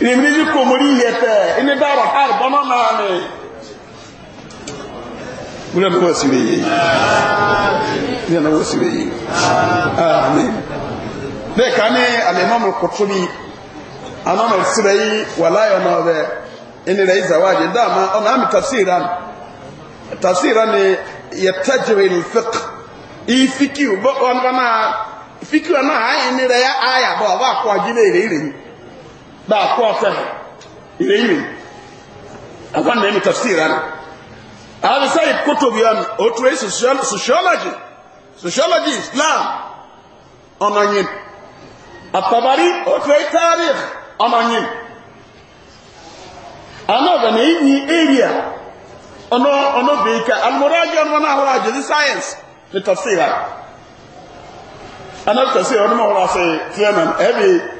ìrìnrìn ní kò mórí yẹ tẹ́ ní dára hàrì ní wọ́n sílé yìí ní wọ́n sílé yìí ààmì bẹ́ẹ̀ ká ní alẹ́mọ́mù kòtò anọ́mù sílẹ̀ yìí wà láyọ̀ náà bẹ́ ẹni rẹ̀ ìzàwájì dáàmà ọ̀nà àmì tafsira tafsira ni yẹtẹ́jìrì fik ìfikì fíkì ọ̀nà baa kɔɔ fɛ ìrẹ́yìn afa na ɛmu tafsir ano abisa yi koto bi ano otu eyi sociology sociology islam ɔnɔnyim atabari otu eyi taarih ɔnɔnyim ana ɔbɛn eyi area ɔnɔ ɔnɔ beeka alimoraji ɔnɔ na ahoro agyezi science ne tafsir ano ana tafsir ɔnɔ ma ɔwɔ ase tiɛ na ɛbi.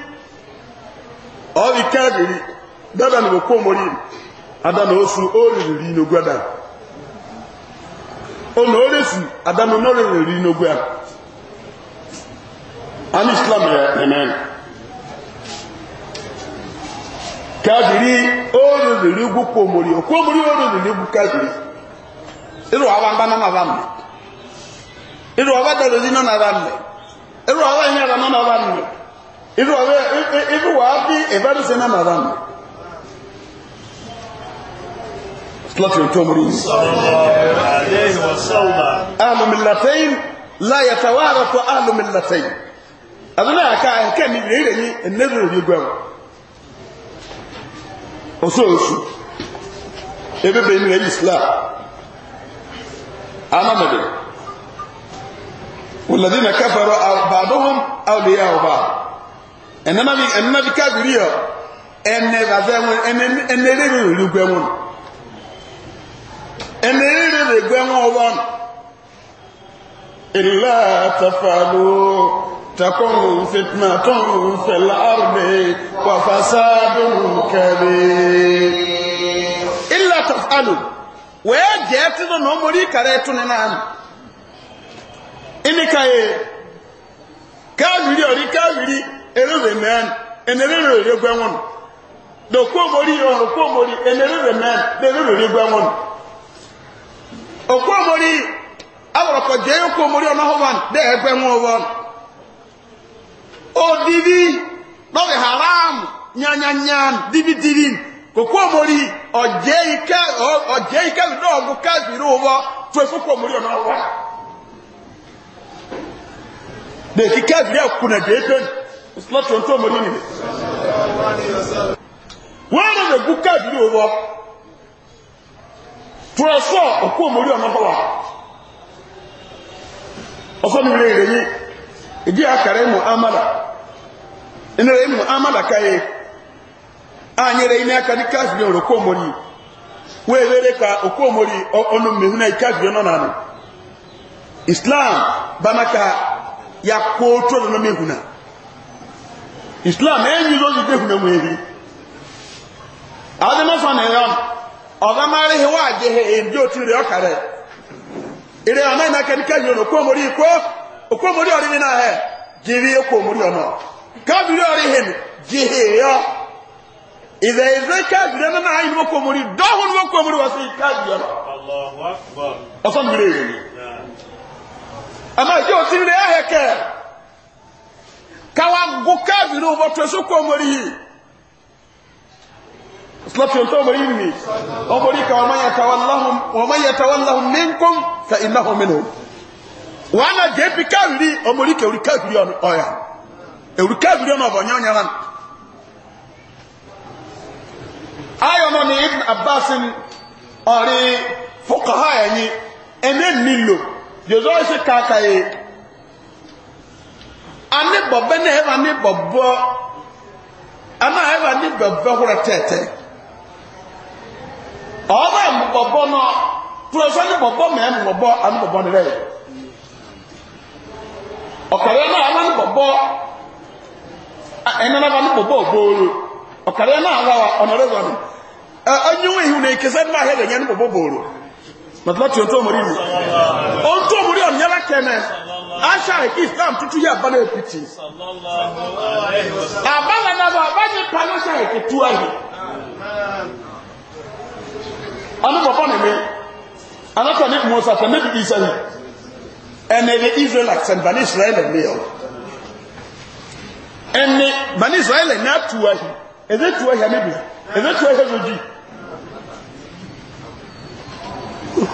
Ọ ọrị keviri dada na okwo mori ada na osu o riri n'ogwe ada o na oresi ada na onore riri n'ogwe ada an islam ya eme keviri o riri ugwu kwo mori okwo mori o riri ugwu keviri iru awa mba na nara mme iru awa dara ozi nọ nara mme iru awa ihe ara nọ nara mme irú ọ̀rẹ́ irú wà á bí ìbẹ́rẹ̀sẹ̀ náà màá ránù slọ́tìrì tó mú rí alùmìlàtẹ́yìn láyàtàwà àrọ̀tọ̀ alùmìlàtẹ́yìn àdúrà àká ẹ̀kẹ́ mi rèé rèé ní ẹ̀nẹ́rù rí gbẹ̀rù osoosu ebebe mi rèé islam anamọ̀dẹ̀ wòlẹ́dínà kẹfẹ́rọ àbàdọ́hùn àwòlẹ́yà ọba ẹnana bi ẹnana bi kábìrì yọ ẹnẹ bàbá ẹwọn ẹnẹ ẹnẹ rere rere gbẹ wọn ẹnẹ rere rere gbẹ wọn wọn ilá tafalu takun fitna tun fẹlẹ arde wà fasadun kẹbi. ilá tafalu wẹ́ẹ́ jẹ́ tí lọ́nà ọmọ orí kàrẹ́ tún nínú àná ẹnìkàyè kábìrì ọ̀rí kábìrì. erere mẹ́rin enerere egwe nwụnụ n'okwomori ihe ọrụ okwomori enerere mẹ́rin n'erere egwe nwụnụ okwomori awọrọkọ jee okwomori ọnọhụwan dee egwe O ụwọ odidi lọrị haram nyanyanyan dividiri o ọjee ike ọjee ike ọgụ kaziri ụwọ tụefu okwomori ọnọhụwan na ekike abiri akwụkwụ na jee tonu ìsìlọ́tì ohun tó mọ̀ na wọ́n rẹ̀ gún káàdì owó tùrọ̀sọ́ òkú òmòrí ọ̀nà bọ́wà ọ̀sọ́nù rẹ̀ rẹ̀ yìí amada amada aka ní káàdì wee were ka òkú òmòrí ọ̀nà mẹ́húnà káàdì ọ̀nà nànà islam bámakà islam enyi ozi ikpe na yon ọga mara ihe wa jihe otu ire ọkara ire ọna ina ono ọrịrị na ahịa jiri ekwomori ọnọ kabiri ọrịrị hen jehe jihe ìzẹ̀ ìzẹ̀ káàbìrì ẹ̀nà náà yìí wọ́kọ̀ mórí dọ́hùn wọ́kọ̀ mórí káwá gún káàbìrì ọmọ tó ẹsùn kó ọmọ rí yìí slọ́pìọ̀n tó ọmọ rí mi ọmọ rí ká wọ́n máa yẹta wọ́n láhùn ní nkún fẹ́ iná hàn mí nù wọ́n á jẹ́ bí káàbìrì ọmọ rí ká èwúrí káàbìrì ọ̀yà èwúrí káàbìrì ọ̀nà ọ̀bọ̀ nyẹ́ ọ̀nyẹ́ra ayọ̀ náà ni ibn abbas ọ̀rí fọkàhá ẹ̀yìn ẹ̀mẹ́ nílò ane bɔbɛ ne hɛba ne bɔbɔ ana hɛba na bɔbɔ hore tɛɛtɛ ɔba mu bɔbɔ no turɔsɔ ne bɔbɔ mɛ mu bɔbɔ ane bɔbɔ ne rɛ ɔkari ana ana ne bɔbɔ ɛnana ba ne bɔbɔ obooro ɔkari ana ana wa ɔnɔrɛ wa ɛ anyiwo ihu na ekesa ne hɛ de nyɛ ne bɔbɔ booro matala tiɲɛ omori mi ɔn omori ɔn kɛnɛ. aṣáà kí islam tutu yẹ abala epiti abala náà bá bá nyẹ pa n'aṣáà kí tu ayé ọdún bọ̀bọ̀ nìyẹn anakọ ní musa fẹ níbi isa yìí ẹni ẹni israel accent bani israel ẹ̀ lé ọ ẹni bani israel ẹ̀ náà tu ayé ẹ̀dẹ̀ tu ayé níbi ẹ̀dẹ̀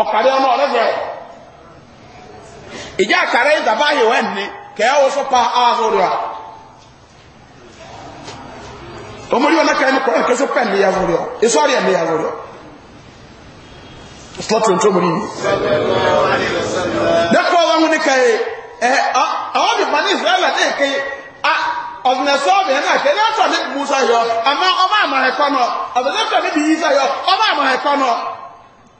ọ̀kàrẹ́ ọmọ ọ̀rẹ́fẹ́ ìjẹ́ àkàrẹ́ ìdàbá àyẹ̀wò ẹ̀ní kẹ́ẹ̀wò sọ́pa ààzọ́rọ̀ à omori wọn kẹ́ẹ̀ni kọ́rọ̀ kẹ́sọ́ pẹ̀ ní yàzọ́rọ̀ ìsọ́rẹ̀ ní yàzọ́rọ̀ slọ́tún tó mori yìí dẹ́kọ̀ wọn ní kẹ́ẹ̀ ẹ̀ àwọn bìbọn ní israẹli ní èké ọ̀dùnẹ̀sọ́ ọ̀bẹ̀ náà kẹ́lẹ́ ọ̀tọ̀ ní musa yọ àmọ́ ọmọ àmọ̀ ẹ̀kọ́ náà ọ̀dùnẹ̀sọ́ ní bìyí sá yọ ọmọ àmọ̀ ẹ̀kọ́ náà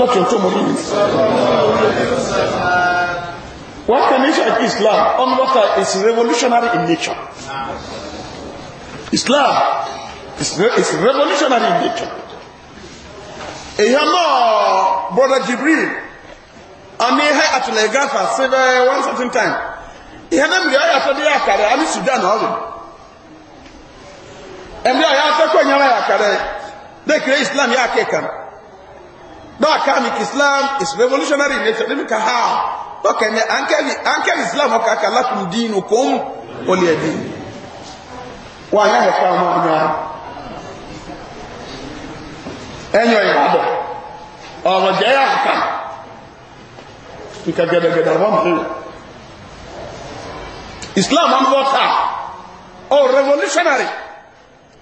láti ọ̀tọ́ mọ̀ nínú wọ́n kẹ́ ní is revolutionary in nature islam is, revolutionary in nature èyàn brother jibril a ní ihe àtìlẹ̀ gáfà síbẹ̀ one certain time ihe náà mìíràn yàtọ̀ ní àkàrẹ̀ a ní sudan ọ̀rọ̀ ẹ̀mí àyà afẹ́kọ̀ọ́ ìyára àkàrẹ̀ lẹ́kẹ̀rẹ̀ islam yà kẹ́kẹ̀rẹ̀ dɔw kan islam is revolutionary nature ne bi ka ha dɔw kɛ ɲɛ an kɛ ni an kɛ ni islam ka ka lakuru diinu kom wali ɛdi wa n y'a yɛ fɔ a ma ɲa ɛ ɲɔ yɛ a bɔ ɔmɔ jɛ a ma islam an bɔ ta revolutionary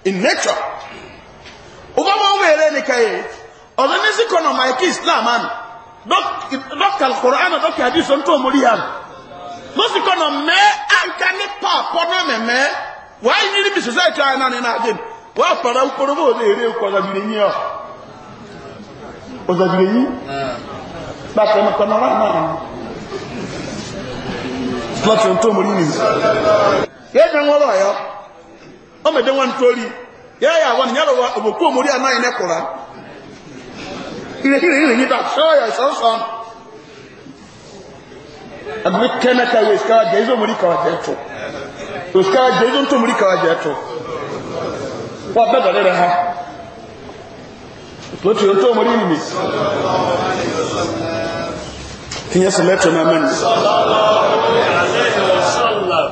in nature o ba ma wele ni ka ọ̀dọ́ ní sí kọ́nà maiki islam àmì dọ́kà kòránà dọ́kà àdìsọ́ tó mú rí àmì ló sì kọ́nà mẹ́ àǹkà ní pàpọ̀ náà mẹ́mẹ́ wàá yí níbi sòsáìtì ayé náà nínú na wàá pàrọ̀ nkóró bó lè rí okò ọ̀dọ̀bìrì yín ọ̀ ọ̀dọ̀bìrì yín bàtà ní kọ́nà ya. náà láti ohun Ya mú rí nìyí. yéé jẹ́ wọn irehirehire nyi da shoya sansan agbe kẹmẹta yẹ sikawa jẹ izo mori kawa jẹ to to sikawa jẹ izo nto mori kawa jẹ to wa bẹ dọdẹ rẹ ha to to nto mori mi tiɲɛ sɛlɛ tɛ na mɛni.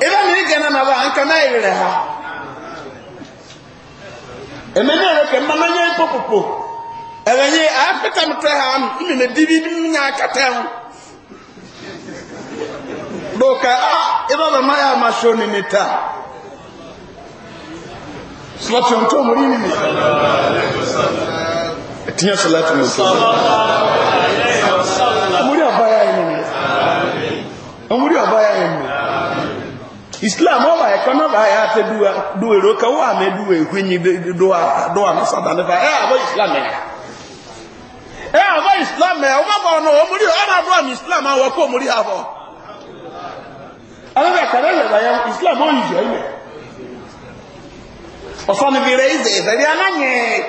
i bɛ nin jɛnɛ na wa an kana yɛrɛ ha. ɛmɛ ne yɛrɛ kɛ mana ɲɛ popopo. ɛlɛnyi apɛtɛ tɛ ha mmemme dibi bi nya akata ho dɔkɛ a ɛbɛ bɛ ma yɛ ama so ne ne ta sɔlɔtɔ ne ne ɛtinya abaya yɛ ne abaya yɛ ne islam ɔba yɛ kɔnɔ yɛ atɛ duwa duwa ero kɛ ame duwa ehwenyi ɛ abɔ islam ẹ àbá islam ẹ ọmọ kan náà ọmọ rí ọmọ abraham islam àwọn kó ọmọ rí àbọ. àwọn ẹ̀ka rẹ̀ lẹ̀ islam ó yìí yẹn mẹ́. ọ̀sán níbi rẹ̀ ìzẹ̀ ìzẹ̀ rí anáyẹ̀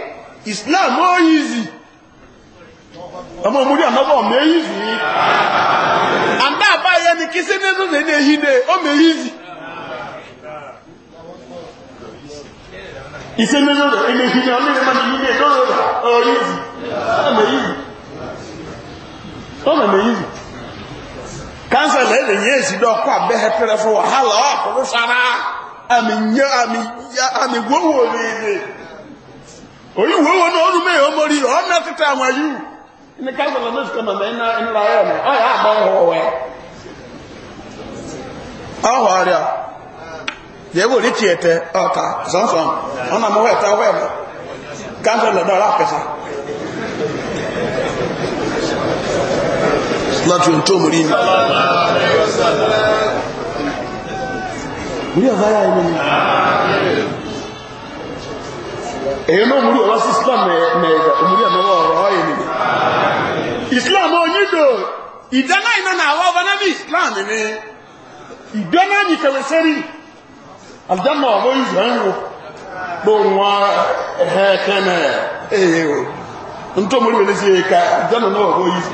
islam ó yìí zì. ọmọ ọmọ rí ànábọ̀ ọmọ èyí zì. àǹdá àbáyẹ ni kí sí nínú ní èyí dé ọmọ èyí zì. ìsẹ́nìyàn rẹ̀ ẹ̀mẹ̀yìn ni ọmọ ìrẹ́mọ̀ ní ilé lọ́rọ̀ ọ̀rọ̀ yìí zì. ọmọ na yìí kánsà lẹ́lẹ̀ yẹn èsì dọ́kọ́ abẹ́hẹ́ pẹ́rẹ́ fún wàhálà ọkùnrin sára àmì yẹ àmì yá àmì wọ́wọ́ rèé oyi wọ́wọ́ náà ọdún mẹ́yìn ọmọ rí ọ̀nà títà àwọn ayú ní kánsà lẹ́lẹ̀ sùkọ́ màmá iná ńlá ayọ̀ àbọ̀ yẹ ta láti ohun tó múrí ní múrí ọ̀záyà inú ni èyí náà múrí ọ̀wá islam mẹ́ẹ̀dẹ̀ múrí ọ̀nàwọ̀ ọ̀rọ̀ ọ̀yẹ̀ ni islam onídò ìdáná iná na àwọ̀ ọba náà islam ni ìdáná ní kẹwẹsẹ́rì àdánà ọ̀wọ́ ìzù ẹ̀rù gbóhùnwá ẹ̀hẹ́ kẹ́mẹ̀ èyí o ntọ́ múrí wẹ́lẹ́sì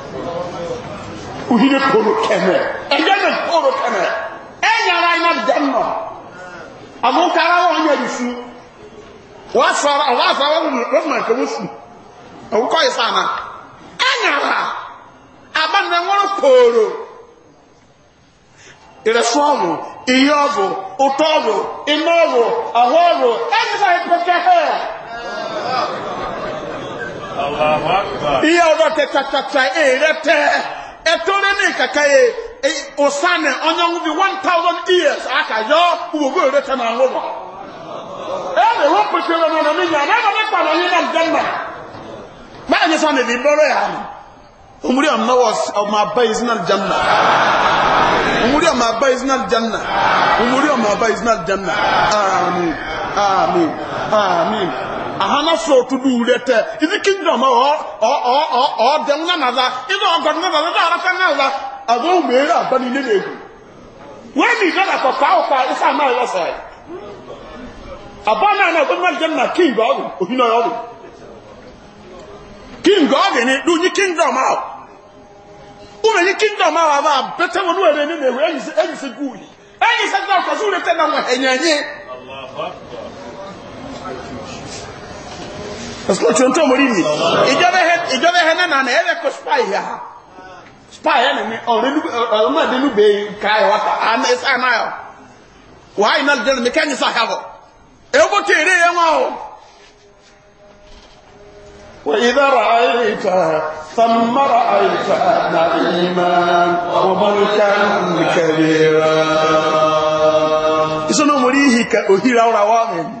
uhire e e koro kɛmɛ ɛyɛnɛ koro kɛmɛ ɛnyara ina jɛnɔ abokara wɔn nyɛ dusu wasɔrɔ wasɔrɔ wɔmɔ nkɛmɛ su ɔwokɔ yi sana ɛnyara abanɛ wɔn koro ìrẹsọ́ọ̀mù iye ọ̀bù ụtọ́ọ̀bù iná ọ̀bù àwọ̀ ọ̀bù ẹgbẹ́ ìpẹ́kẹ́ iye ọ̀dọ̀ tẹ̀tẹ̀tẹ̀ èrẹ́tẹ́ ẹtọ́rẹ́ ní kẹkẹ yẹ ọ̀sánì ọ̀nyẹ́wò one thousand years àkàyọ́ gbogbo èrè tẹ̀ na wọ́n. ẹ lè wọ́n pèsè na ọ̀nà mi yàn náà wọ́n pàdé ọ̀nyẹ́ ya jẹ́ nà. báyìí ní sọ́ni ní bọ́rọ̀ yà ni. omuri ọ̀nàwọ̀ ọmọ abáyé janna. omuri ọmọ janna. janna. amin. ahana so to do lete in the kingdom or or or or the na le when is that o pa ma abana na go mal janna king go o king go ni do ni kingdom out ume ni kingdom out aba bete wonu ere ni le we enyi se ndị se gui enyi se na enyenye allah akbar ẹ̀sùn tí ó ń tó mọ̀rí mi ìjọba ẹ̀hẹ́ náà nà ẹ̀rẹ́ kọ spy yà ha spy yẹn ni ọ̀rọ̀mọ̀dé lùgbé ká ẹ̀ wáta àmì ẹ̀sẹ̀ àná yọ wàá iná lè dẹ́nu mi kẹ́yìn sá kábọ̀ èyí bó ti rí yẹn wọn o. وإذا رأيت ثم رأيت نعيما وملكا كبيرا. إذا نمريه كأهيرا وراوامين.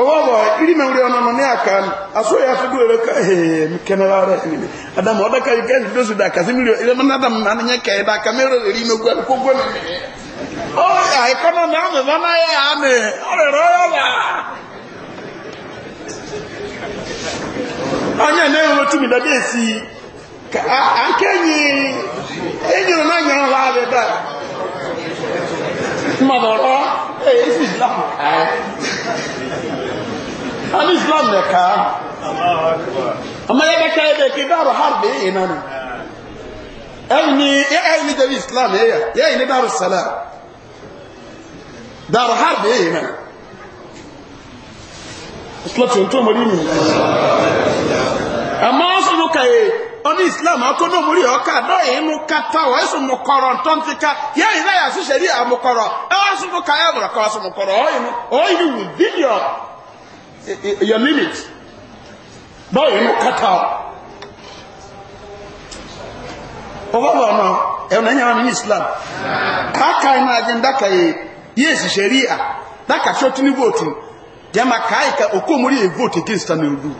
ọwọ́wọ́ irimẹ̀wúrẹ́ ọ̀nàmọ̀ ní àkà a fúdú ẹ̀rọ ká ẹ̀ẹ́mí kẹ́nẹ́rà rẹ̀ ẹ̀nìmí adamu ọ̀dọ́ka yìí kẹ́sì tó sì dà kàsí mi rẹ̀ ẹ̀rọ mọ́nàdàmù na níyẹn kẹ́ ẹ̀dá kà mẹ́rọ na ìmẹ̀ na gbogbo mi. ó yà ìkọ́nà náà mi bá náà yẹ àmì ọ̀rẹ́ rẹ̀ ọ̀yọ́ wà. ani islam ne ka ama ya bɛ kɛ bɛ k'i daaru har de yen nɔ ɛyi ni e ɛyi ni jaabi islam ye ya ya yi ni daaru sala daaru har de yen nɔ islam tun tó mori mi ama sunu ka ye ɔni islam akodo mori ɔka dɔ yi e nu kata wa esu mu kɔrɔ ntɔnti ka ya yi na yasi sari e amukɔrɔ ɛwɔ sunu ka ɛwura e kɔrɔ ɔyi nu ɔyi ni wù bílíọ̀nù your limit báyìí nù kàtà ọba bọ̀ ọ̀nà ẹ̀wọ̀n ẹ̀yàn wọn ní islam káàkà iná ajé ń dákà yìí yíè sì ṣe rí à dákà ṣó tún ní vóòtù jẹ́mà káàkà òkú òmùrí yìí vóòtù kí n sàn ní ojú.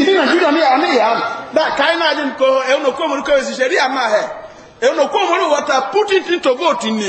ìdí nàìjíríà ní àwọn èèyàn bá káyí náà dín kó ẹ̀hún òkú òmùrí kọ́ èsì ṣe rí àmà ẹ̀ ẹ̀hún òkú òmùrí wọ́ta put it into vote ni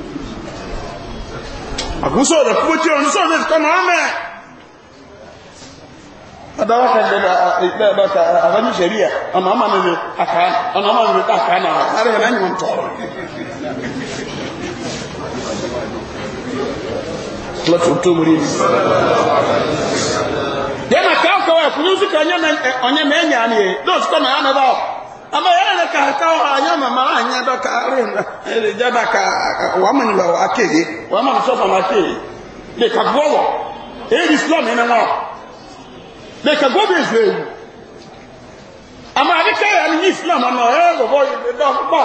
àgúsọ̀ ọ̀dọ̀ kúbó tí òun sọ̀rọ̀ ti kọ́nà ọ́mẹ́ adáwọ̀ kẹ́lẹ́ ìpẹ́ẹ̀bẹ́ta àbájú sẹ̀ríà ọ̀nà ọmọ mi àkà ọ̀nà ọmọ mi ta àkà náà àrẹ̀ ẹ̀rẹ́ yìí ń tọ̀ lọ́tún tó mú rí mi yẹ́nà káàkọ́ ẹ̀kùnrin sí kan ọ̀nyẹ́mẹ̀ẹ́nyà ni lóòtú kọ́nà ánàbà ọ̀ ama ya ne kaa kaw anya ma anya e a nyɛ dɔ kaa na ɛdi jɛ dɔ kaa wama wa kee wama muso fama kee de ka gbɔ wɔ eyi di ka ma nɔ ɛɛ bɔbɔ yi dɔ ba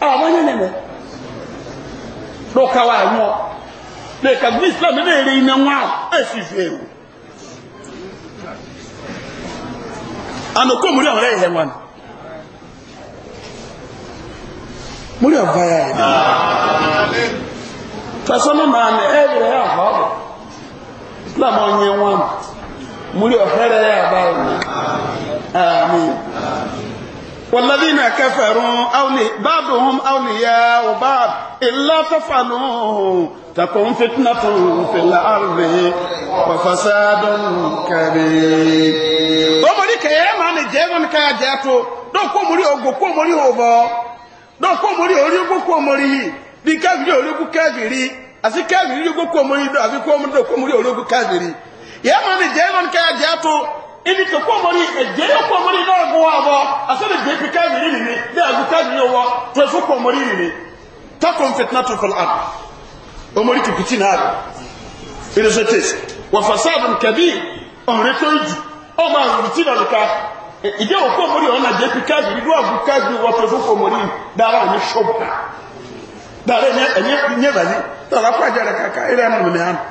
a ma nyɛ ka wa ka àná kó múlẹ̀ ọ̀rẹ́ ìhẹ̀ wọn múlẹ̀ ọ̀gbá ya ẹ̀ fẹsọ́nà máa ní ẹ̀rẹ̀ ẹ̀ àbọ̀ islam ọ̀nyẹ̀ wọn múlẹ̀ ọ̀hẹ́rẹ̀ ẹ̀ àbá ẹ̀ àmì والذين كفروا أولي بعضهم أولياء بعض إلا تفعلوا تكون فتنة في الأرض وفساد كبير ọmọdé kẹyẹ ẹ máa ní jẹ wọn ká yà jẹ tó dọw kó mori ògbó kó mori òbọ dọw kó mori orígbó kó ibi tó kó mọ́rí ẹ̀jẹ̀ yóò kó mọ́rí náà gún wa bọ́ asọ́lẹ̀ jẹ́ ibi káàmìrì nìní bí àgù káàmìrì wọ tó ẹ̀fọ́ kó mọ́rí nìní takùn fìtínà tó fọlọ́ àrùn omori kìkìtì náà rẹ̀ irresotes wọ́n fasáàdùn kẹbí ọ̀rẹ́ tó ń jù ọmọ àrùn tí náà nìka ìjẹ́ òkú mọ́rí ọ̀nà jẹ́ ibi káàmìrì ló àgù káàmìrì wọ tó ẹ̀fọ́ kó mọ́rí dára ní ṣọ́ọ̀bù dára ẹ̀yẹ́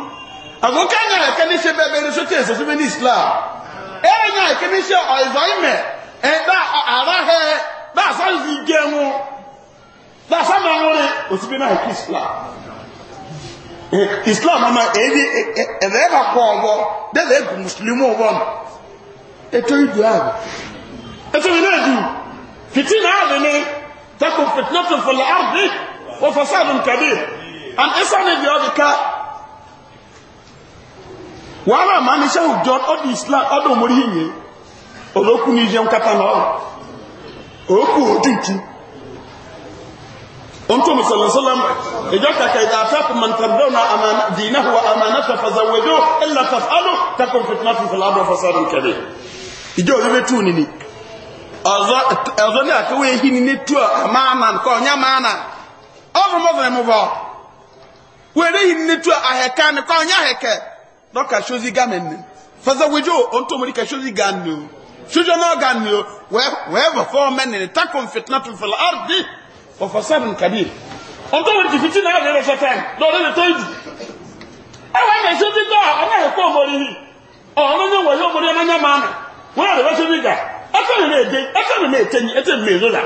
àgùnkà náà ẹ̀kẹ́ ní ṣe bẹ́ẹ̀ bẹ́ẹ̀ sọ́tẹ̀ ẹ̀sọ́ sọ́mẹ́ ní islam ẹ̀rẹ́ náà ẹ̀kẹ́ ní ṣe ọ̀ìzọ́ ìmẹ̀ ẹ̀dá ara hẹ bá a sáré fi jẹ mu bá a sáré wọn rẹ òsìbí náà ẹ̀kẹ́ islam e, islam ọmọ èyí ẹ̀rẹ́ bá kọ́ ọ̀bọ dẹ́lẹ̀ ẹ̀gùn mùsùlùmí ọ̀bọ nù ètò ìdù ààrẹ ètò ìlú ìdù fìtí náà lè ní takò fìtínàtò fọlọ́ àrùbí wọ́n fọ́ sáà wàhálà máa na sẹ́wọ̀n john ọdụ islam ọdún mórí yìnyín olókù ní na kátà náà òkú òjútu ọ̀ntún musallansalam ìjọ kàkà ìdá àtàkùn mọ̀ntàrdọ́nà dìínàwó àmànàtà fàzàwẹ́dọ́ ẹ̀là tàfàlù takùn fìtnà fìfìlà àbọ̀ fasadùn kẹrẹ ìjọ orí ni ni ni ni ni dɔka sozi gana ni fasawejo ontomori ka sozi gana o sojo naa gana o wɛɛfɔ fɔɔ mɛ nini takun fitina tun fɛ la ardi o fasa mun ka di ye ontomori ti fiti naa yɛrɛ sɛtɛ dɔɔni de tɛ ju ɛwɔ ɛna sozi gaa ɔna yɛ kɔ mori yi ɔ ɔno nye wɔyɛ omori ɛna nye maa mi wɔn yɛrɛ bɛ sozi gaa ɛfɛ mi n'ede ɛfɛ mi n'ete nyi ɛte mi n'ola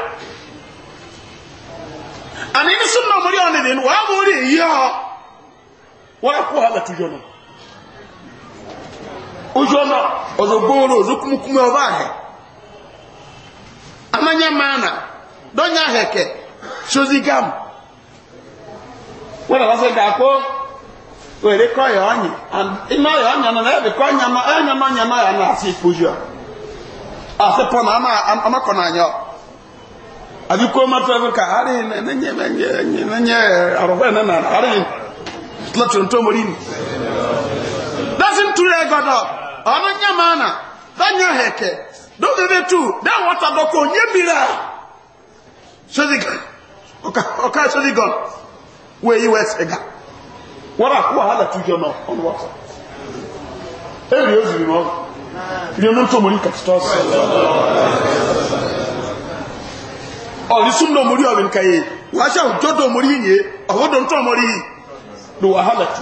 ani ni sunna omori ɔni de ni wɔn amori yi hɔ wɔn akɔ ha la tujɔ naa ojú ọ̀nà ọ̀zọ̀gbọ́ọ̀rọ̀ òzókúmukúmu ọba ahẹ̀ amanya maana dọ́nyà ahẹ̀kẹ̀ sozi gam wọ́n lọ́wọ́ sọ gàkó wèrè kọ́ yọ ọ̀nyì iná yọ na nọ ẹ̀bì kọ́ nyama ẹ̀nyama nyama yà nà àti ìkpojú à àti pọ̀nà amakọ̀ nà anyọ̀ àbí kó ma tọ́ ká àrí nẹ́nyẹ nẹ́nyẹ àròfẹ́ nẹ́nà àrí lọ́tọ̀ ntọ́mọ́rí ni. Lọ́sìn túrẹ́ gọ́dọ̀. ọ̀nà mana dányà hẹ̀kẹ̀ dókèdè tù dán wọ́tà dọ́kọ̀ nyé mìíràn sọ́dígàn ọka sọ́dígàn wọ́n èyí wẹ́ẹ̀ sẹ́gà wọ́n àkó wàhálà tó jọ náà ọ̀nà wọ́tà èrè ó zìrì náà ìdí ọ̀nà tó mọ̀rí kàtútọ́ sí ọ̀rí súnmọ́ mọ̀rí ọ̀rìn kàyé wàá ṣe àwùjọ́dọ̀ mọ̀rí yìí ọ̀wọ́dọ̀ ntọ́ mọ̀rí yìí lò wàhálà tó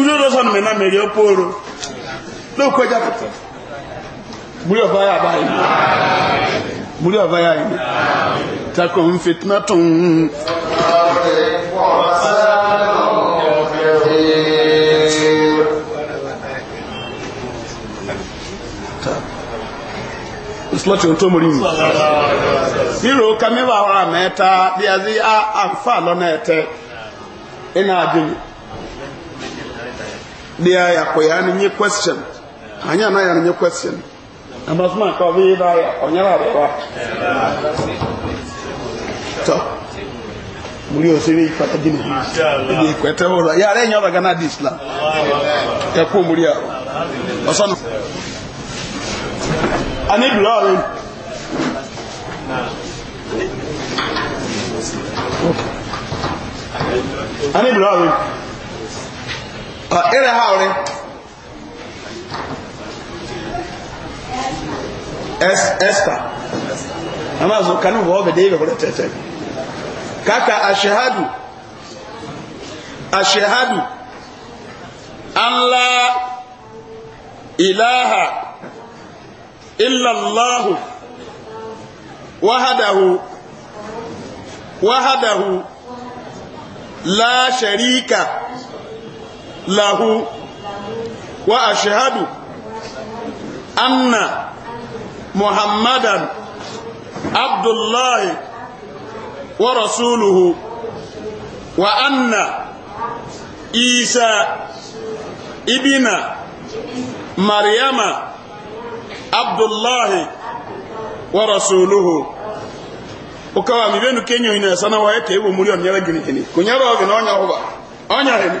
ujojo sanu mena meri oporo ló kọ ẹja pẹtẹ múlí ọba yà bá yìí múlí ọba yà yìí takò ń fitinà tó ń. slọtì tó mọ̀rí mi. ọ̀rọ̀ àmẹ́ta bí a sí àǹfà lọ́nà ẹ̀tẹ́ ẹ̀ náà dia ya ko ya ni question anya na ya ni question amasma ka bi da ya onyara ba wa to muri o sini fata dinu ni ko ta wora ya re nyo daga na di islam ya ko muri ya osan ani blawin ani blawin ere ha ore esther amazo kanu bo be debe hore tete kaka ashhadu ashhadu an la ilaha illa allah wahdahu wahdahu la sharika له وأشهد أن محمدا عبد الله ورسوله وأن عيسى ابن مريم عبد الله ورسوله ukawa mibenu kenyo ina sana waete hivyo mulio mnyara gini hini kunyara wavi na onya huba onya hini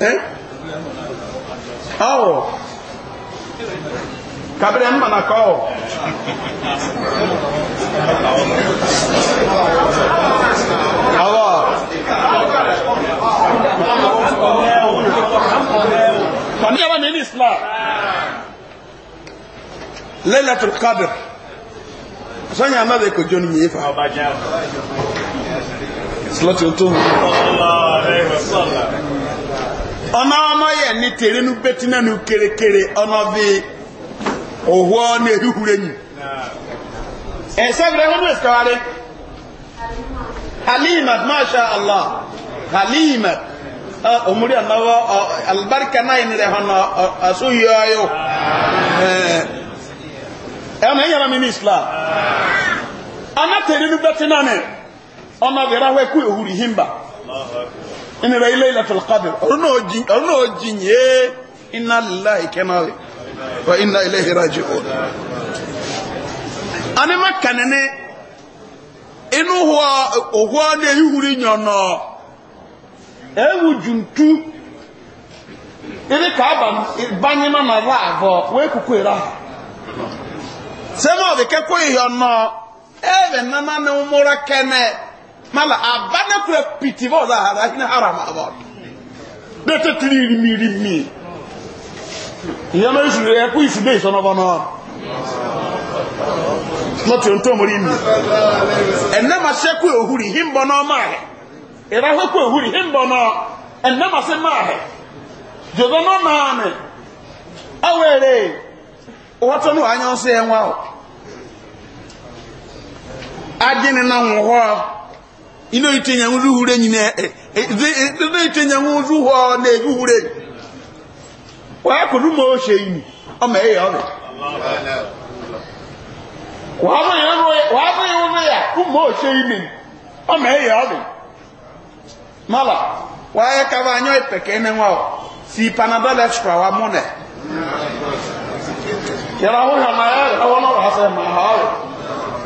Eh? awọ kabere mma na kọọ awọ tani yaba ni islam lailatul qadr sanya ma be ko joni yi fa salatu tuhu sallallahu alaihi ọ̀nà ọmọ yẹ̀ ní tèrè ní bẹ́tí ọnọdụ ní kèrèkèrè enyi bí òhùọ́ ní ehuhure masha allah halimat omori anọwọ albarka náà ní rẹ̀ na àsúyí ọyọ ẹ̀mọ̀ ẹ̀yẹ̀ mami ní islam ọ̀nà tèrè himba inú rẹ̀ ilé ìlàtọ̀ kádìr ọ̀nà òjìnyé iná lílá ìkẹ́nàwé na iná ilé ìrajú ọ̀dọ̀ a ní mọ́kànnì ní inú òhùọ́ ní ehihuri yànnà ewu jùntú ilé kàábà bányínà nà rà àbọ̀ wọ́n kúkú ìrà sẹ́mọ̀ ọ̀dẹ̀kẹ́kọ̀ ìyọ̀nà ẹ̀rẹ̀ nánà ní múra kẹ́nẹ̀ẹ́ mala abana kura piti ba za hara harama tiri mi ri mi ma isu e ku isu be so no bono no ti on to mori mi enna ma se ku e ohuri him bono ma he era ho ku e ohuri him bono enna e ma se ma he no ma me awere no anyo se enwa o ajini na nwo ho ino itenya nguzuhure nyine eh, eh, eh, ino itenya na ne guhure wa kudumo sheyi ama eya obe wa ma yoro wa ma ya kumo sheyi ma ama eya mala wa ya ka ba nyo ipeke ne si wa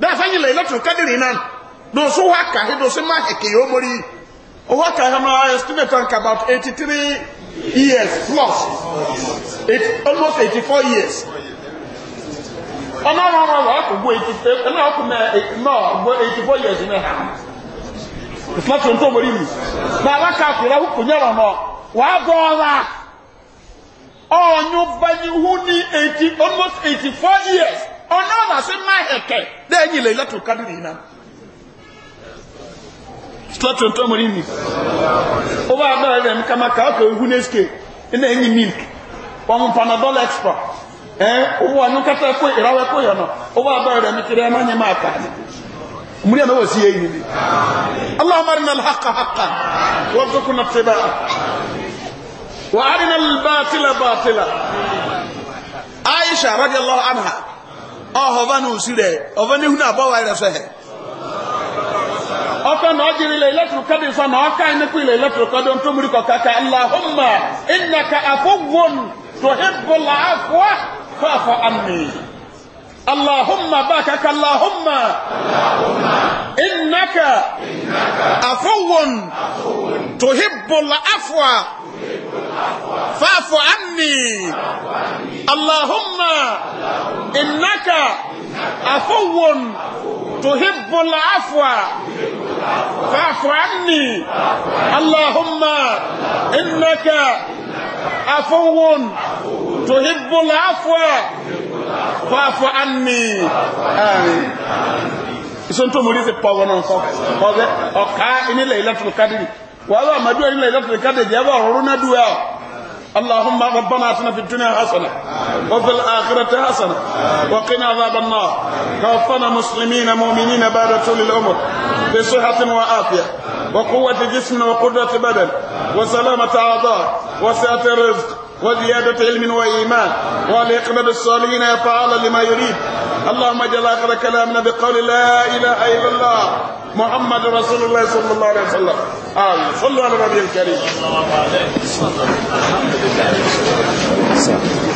bẹ́ẹ̀ fẹ́ yìnlẹ̀ ilẹ̀ tó kádìrì náà dòsó wá kà é dòsó má hẹ̀kì yóò mórí owó kà ma estimate on about eighty years plus almost 84 years ọmọ ọmọ ọmọ ọkọ eighty four ẹ náà eighty four years ha tó mi nyẹ́ wọn almost eighty four years. ọ̀nà ọ̀nà sí máa hẹ̀kẹ̀ lẹ́yìn ilẹ̀ ilẹ̀ tó kádìrì iná stọ́tù tó mọ̀ nínú ó bá bẹ̀rẹ̀ rẹ̀ ní kama ká ọkọ̀ ihu n'eske iná ẹ̀yìn milk wọn panadol extra ẹ̀ owó ọ̀nà kẹta ẹ̀kọ́ ìrawọ́ ẹ̀kọ́ yọ̀nà ó bá bẹ̀rẹ̀ rẹ̀ ní kiri ẹ̀ máa nyẹ máa kà ní múlẹ̀ náà sí ẹ̀yìn ni aláwọ̀ mari na haka haka wọ́n tó kún aisha radiyallahu anha ọ̀họ̀bá ní òsì rẹ̀ ọ̀bá ní húnà àbọ̀wà rẹ̀ fẹ́ ọkọ̀ náà jìrì ilẹ̀ ilẹ̀tùrùkọ́dì sọ náà ọkà ẹnìkú ilẹ̀ ilẹ̀tùrùkọ́dì tó múrí kọ̀kàkà aláhùnmà ìnàkà àfọwọ́n tòhébùlà àfọwà fàfọ àmì aláhùnmà bákàkà aláhùnmà ìnàkà àfọwọ́n tòhébùlà àfọwà فاعف عني اللهم إنك عفو تحب العفو فاعف عني اللهم إنك عفو تحب العفو فاعف عني آمين ìsọ́ntò mọ̀ ní ti pọ̀ wọn náà ọ̀ká ilé ìlẹ́tùlù kádìrì والله ما دو إلا إذا كدد يبا رونا دوا اللهم ربنا اتنا في الدنيا حسنه وفي الاخره حسنه وقنا عذاب النار توفنا مسلمين مؤمنين بعد طول العمر بصحه وعافيه وقوه جسم وقدره بدن وسلامه اعضاء وسعه رزق وزيادة علم وإيمان والإقبال الصالحين يفعل لما يريد اللهم اجعل آخر كلامنا بقول لا إله إلا الله محمد رسول الله صلى الله عليه وسلم آمين صلوا على النبي الكريم الحمد لله